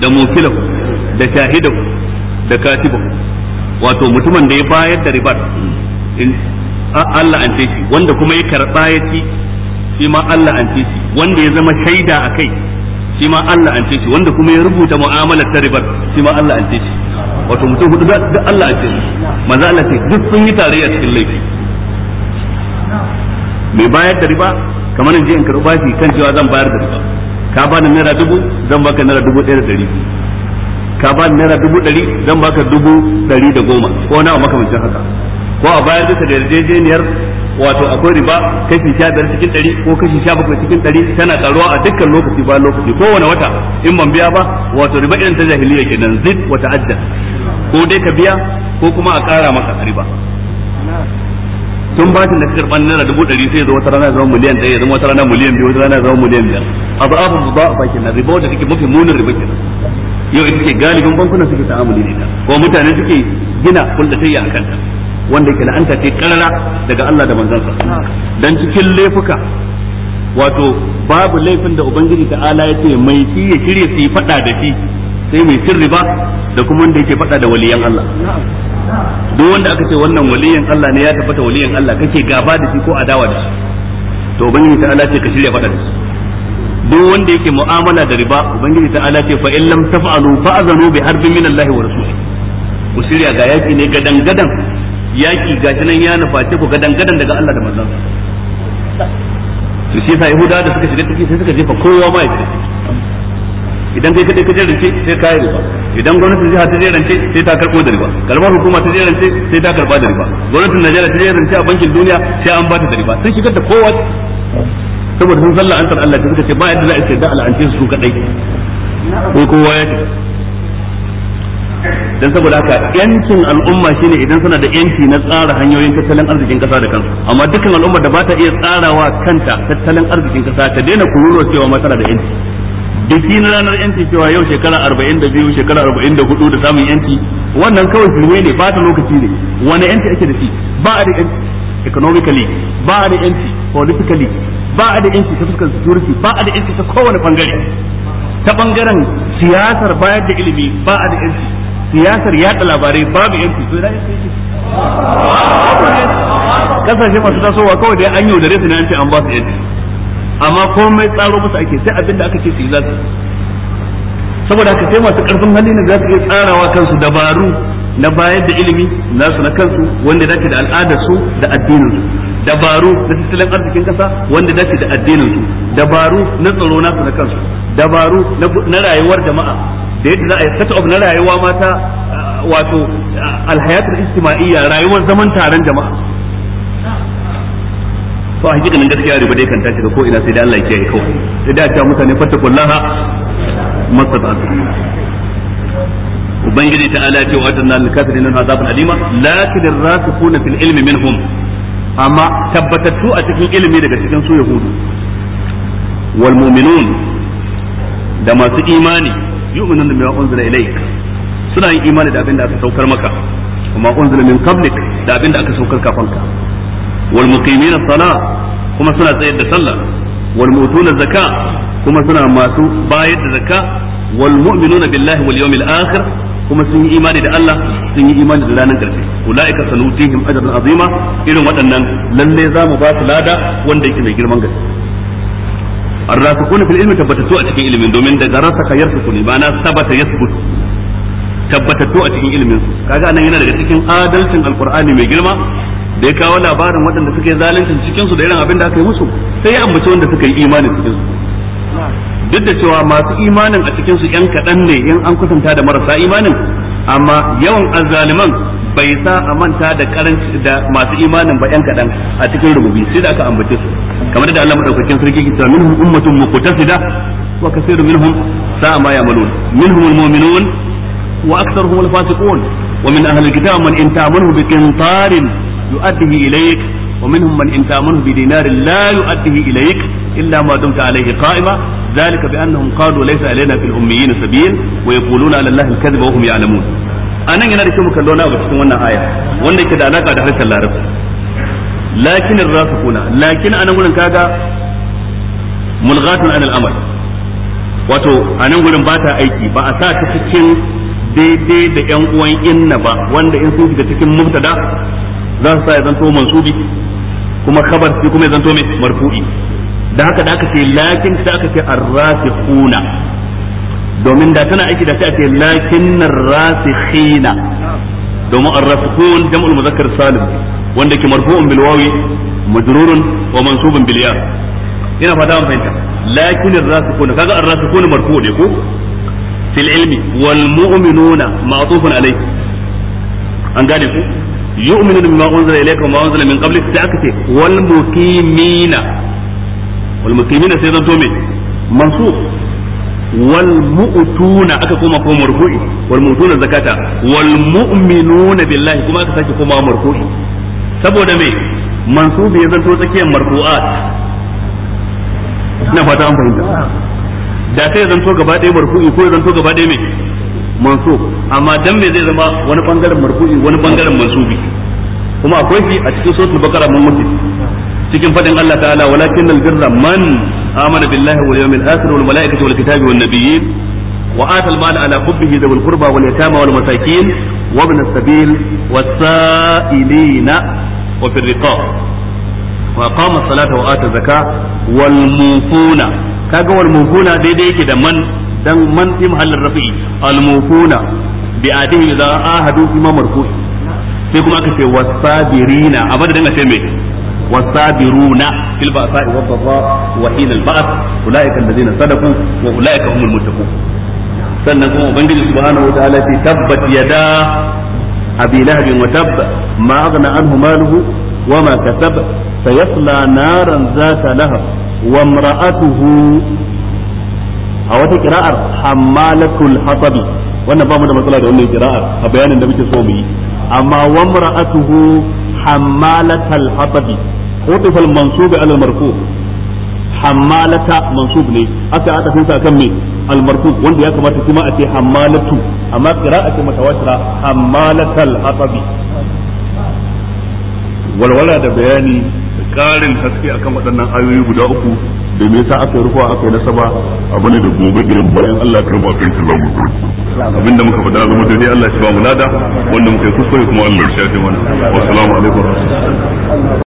da mukilu da shahidu da katibu wato mutumin da ya bayar da ribar Allah an shi wanda kuma ya karɓa ya ci shi ma Allah an shi wanda ya zama shaida a kai shi ma Allah an shi wanda kuma ya rubuta mu'amalar ta ribar shi ma Allah an shi wato mutum hudu da Allah an shi manzo Allah ce duk sun yi a cikin laifi mai bayar da riba kamar in je in karɓa shi kan cewa zan bayar da riba ka ba ni naira dubu zan baka naira dubu ɗaya da ɗari ka ba ni naira dubu ɗari zan baka dubu ɗari da goma ko na makamancin haka ko a bayar duka da yarjejeniyar wato akwai riba kashi sha biyar cikin ɗari ko kashi sha bakwai cikin ɗari tana karuwa a dukkan lokaci ba lokaci kowane wata in ban biya ba wato riba irin ta jahiliya kenan zid wa ta'adda ko dai ka biya ko kuma a ƙara maka riba tun bashin da ka karɓar naira dubu ɗari sai zo wata rana zama miliyan ɗaya ya zama wata rana miliyan biyu wata rana zama miliyan biyar abu abu ba a bakin na riba wanda kake mafi munin riba kenan yau ita ce galibin bankuna suke ta'amuli ne ta ko mutane suke gina kullatayya a kanta wanda yake la'anta ce karara daga Allah da manzansa dan cikin laifuka wato babu laifin da ubangiji ta'ala ya ce mai shi ya shirya su yi fada da shi sai mai sirri ba da kuma wanda yake fada da waliyan Allah duk wanda aka ce wannan waliyan Allah ne ya tabbata waliyan Allah kake gaba da shi ko adawa da shi to ubangiji ta'ala ce ka shirya fada da shi duk wanda yake mu'amala da riba ubangiji ta'ala ce fa in lam taf'alu fa'zanu bi harbin min Allah wa rasulih ku shirya ga yaki ne gadan gadan yaki gashi nan ya nufaci ku ga dangadan daga Allah da manzon su shi yasa yahudawa da suka shiga ciki sai suka jefa kowa ma ya idan kai kadai ka je rance sai ka yi riba idan gwamnatin jiha ta je rance sai ta karbo da riba kalmar hukuma ta je rance sai ta karba da riba gwamnatin Najeriya ta je rance a bankin duniya sai an bata da riba sun shigar da kowa saboda sun sallah an san Allah ta suka ce ba yadda za a ce da al'ancin su kadai ko kowa ya ce dan saboda haka yancin al'umma shine idan suna da yanci na tsara hanyoyin tattalin arzikin kasa da kansu amma dukkan al'umma da ba ta iya tsarawa kanta tattalin arzikin kasa ta daina kururuwa cewa ma tana da yanci biki na ranar yanci cewa yau shekara 42 shekara 44 da samun yanci wannan kawai firme ne ba ta lokaci ne wani yanci ake da shi ba a da yanci economically ba a da yanci politically ba a da yanci ta fuskar security ba a da yanci ta kowane bangare ta bangaren siyasar bayar da ilimi ba a da yanci siyasar yada labarai babu yan to da yake kasashe masu tasowa kawai da an yaudare su ne an ce an ba su yanci amma komai tsaro musu ake sai abinda aka ce su yi saboda haka sai masu karfin hali ne za su iya tsarawa kansu dabaru na bayar da ilimi su na kansu wanda dace da al'adar su da addinin su dabaru na tattalin arzikin kasa wanda dace da addinin su dabaru na tsaro su na kansu dabaru na rayuwar jama'a da yadda za a yi of na rayuwa mata uh, wato uh, alhayatul istima'iyya rayuwar zaman taron jama'a to a hakikanin gaskiya riba dai kan tashi da ko ina sai da Allah ya kiyaye kawai sai da ta mutane fattakullaha masata'atu ubangiji ta ala ce wa adanna al-kafirin nan azabun alima lakin ar fil ilmi minhum amma tabbatattu a cikin ilimi daga cikin su yahudu wal mu'minun da masu imani yu'minuna bima unzila ilayk suna yin imani da abin da aka saukar maka kuma unzila min qablik da abin da aka saukar kafin ka wal muqimin as-salah kuma suna tsayar da sallah wal mutuna zakka kuma suna masu bayar da zakka wal mu'minuna billahi wal yawmil akhir kuma sun yi imani da Allah sun yi imani da ranar karfe ulaika sanutihim ajran azima irin waɗannan lalle za mu ba su lada wanda yake mai girman gaske الراسخون في ilmi tabbatatu a cikin علم domin daga rasaka yarsuku ne ma'ana sabata ثبت tabbatattu a cikin ilimin su kaga anan yana daga cikin adalcin alqur'ani mai girma da ya kawo labarin waɗanda suka yi zalunci cikin da irin abin da aka yi musu sai ya ambaci wanda suka yi imanin cikin duk da cewa masu imanin a cikinsu su yan kaɗan ne in an kusanta da marasa imanin amma yawan azzaliman bai sa a manta da karanci da masu imanin ba yan kaɗan a cikin rububi sai da aka ambace su kamar da Allah madaukakin sarki ke cewa minhum ummatun muqtasida wa kaseerun minhum sa'a ma ya'malun minhum almu'minun wa aktharuhum alfasiqun wa min ahli alkitab man in ta'amanu bi qintarin yu'addihi ilayk wa minhum man in ta'amanu bi dinarin la yu'addihi ilayk illa ma dumta alayhi qa'ima ذلك بأنهم قالوا ليس علينا في الأميين سبيل ويقولون على الله الكذب وهم يعلمون anan yana da kyau mu kallo na abu cikin wannan aya wanda yake da alaka da harshen larabci lakin ar-rasikuna lakin anan gurin kaga mulghatun anil amal wato anan gurin ba ta aiki ba a sa ta cikin daidai da yan uwan inna ba wanda in sun shiga cikin mubtada za su sa ya zanto mansubi kuma khabar sai kuma ya zanto mai marfu'i da haka da aka ce lakin da aka ce ar domin da tana aiki da sai a ce lakin rasikhina domin ar-rasikun jam'ul muzakkar salim wanda ke marfu'un bil wawi majrurun wa mansubun bil ya ina fata an fahimta lakin ar-rasikun kaga ar-rasikun marfu' ne ko fil ilmi wal mu'minuna ma'tufun alayhi an gane ku yu'minuna bima unzila ilayka wa ma unzila min qablik da aka ce wal muqimina wal muqimina sai zanto me mansub wal mu'tuna aka koma ko marfu'i wal mu'tuna zakata wal mu'minuna billahi kuma aka sake koma marfu'i saboda me mansubi ya zanto tsakiyar marfu'at ina fata an fahimta da sai zanto gaba ɗaya marfu'i ko zanto gaba ɗaya me mansu amma dan me zai zama wani bangaren marfu'i wani bangaren mansubi kuma akwai shi a cikin suratul baqara mun mutu cikin fadin Allah ta'ala walakin albirra man amana billahi wal yawmil akhir wal malaikati wal kitabi wan nabiyyin wa ata al mala ala hubbihi dhawil qurba wal yatama wal masakin wa ibn as-sabil was sa'ilina wa fil riqab wa qama as-salata wa ata az-zakah wal mufuna kaga wal mufuna daidai yake da man dan man fi mahallin rafi'i al mufuna bi adihi idza ahadu imam marfu sai kuma aka ce wasabirina a madadin a ce me والصابرون في البأساء والضراء وحين البأس أولئك الذين صدقوا وأولئك هم المتقون sannan ubangiji subhanahu wa ta'ala ce tabbat yada abi lahabin wa tabba ma wa ma kasab sayasla naran zata lahab wa imra'atuhu a wata kira'ar hammalatul hatab wannan ba mu da matsala da wannan a bayanin da muke so mu amma wa حمالة الحطب عطف المنصوب على المرفوع حمالة منصوب لي أكا أتفنسا أكمي المرفوع وندي أكا ما تسمى أتي حمالة أما قراءة متواترة حمالة الحطب والولد بياني karin haske akan waɗannan ayoyi guda uku da me yasa aka rufa aka yi nasaba abu ne da gobe irin bayan Allah ya rufa kan Allah mu abinda muka faɗa zama dai Allah shi ba mu lada wanda muka yi kuskure kuma Allah ya shafe mana assalamu alaikum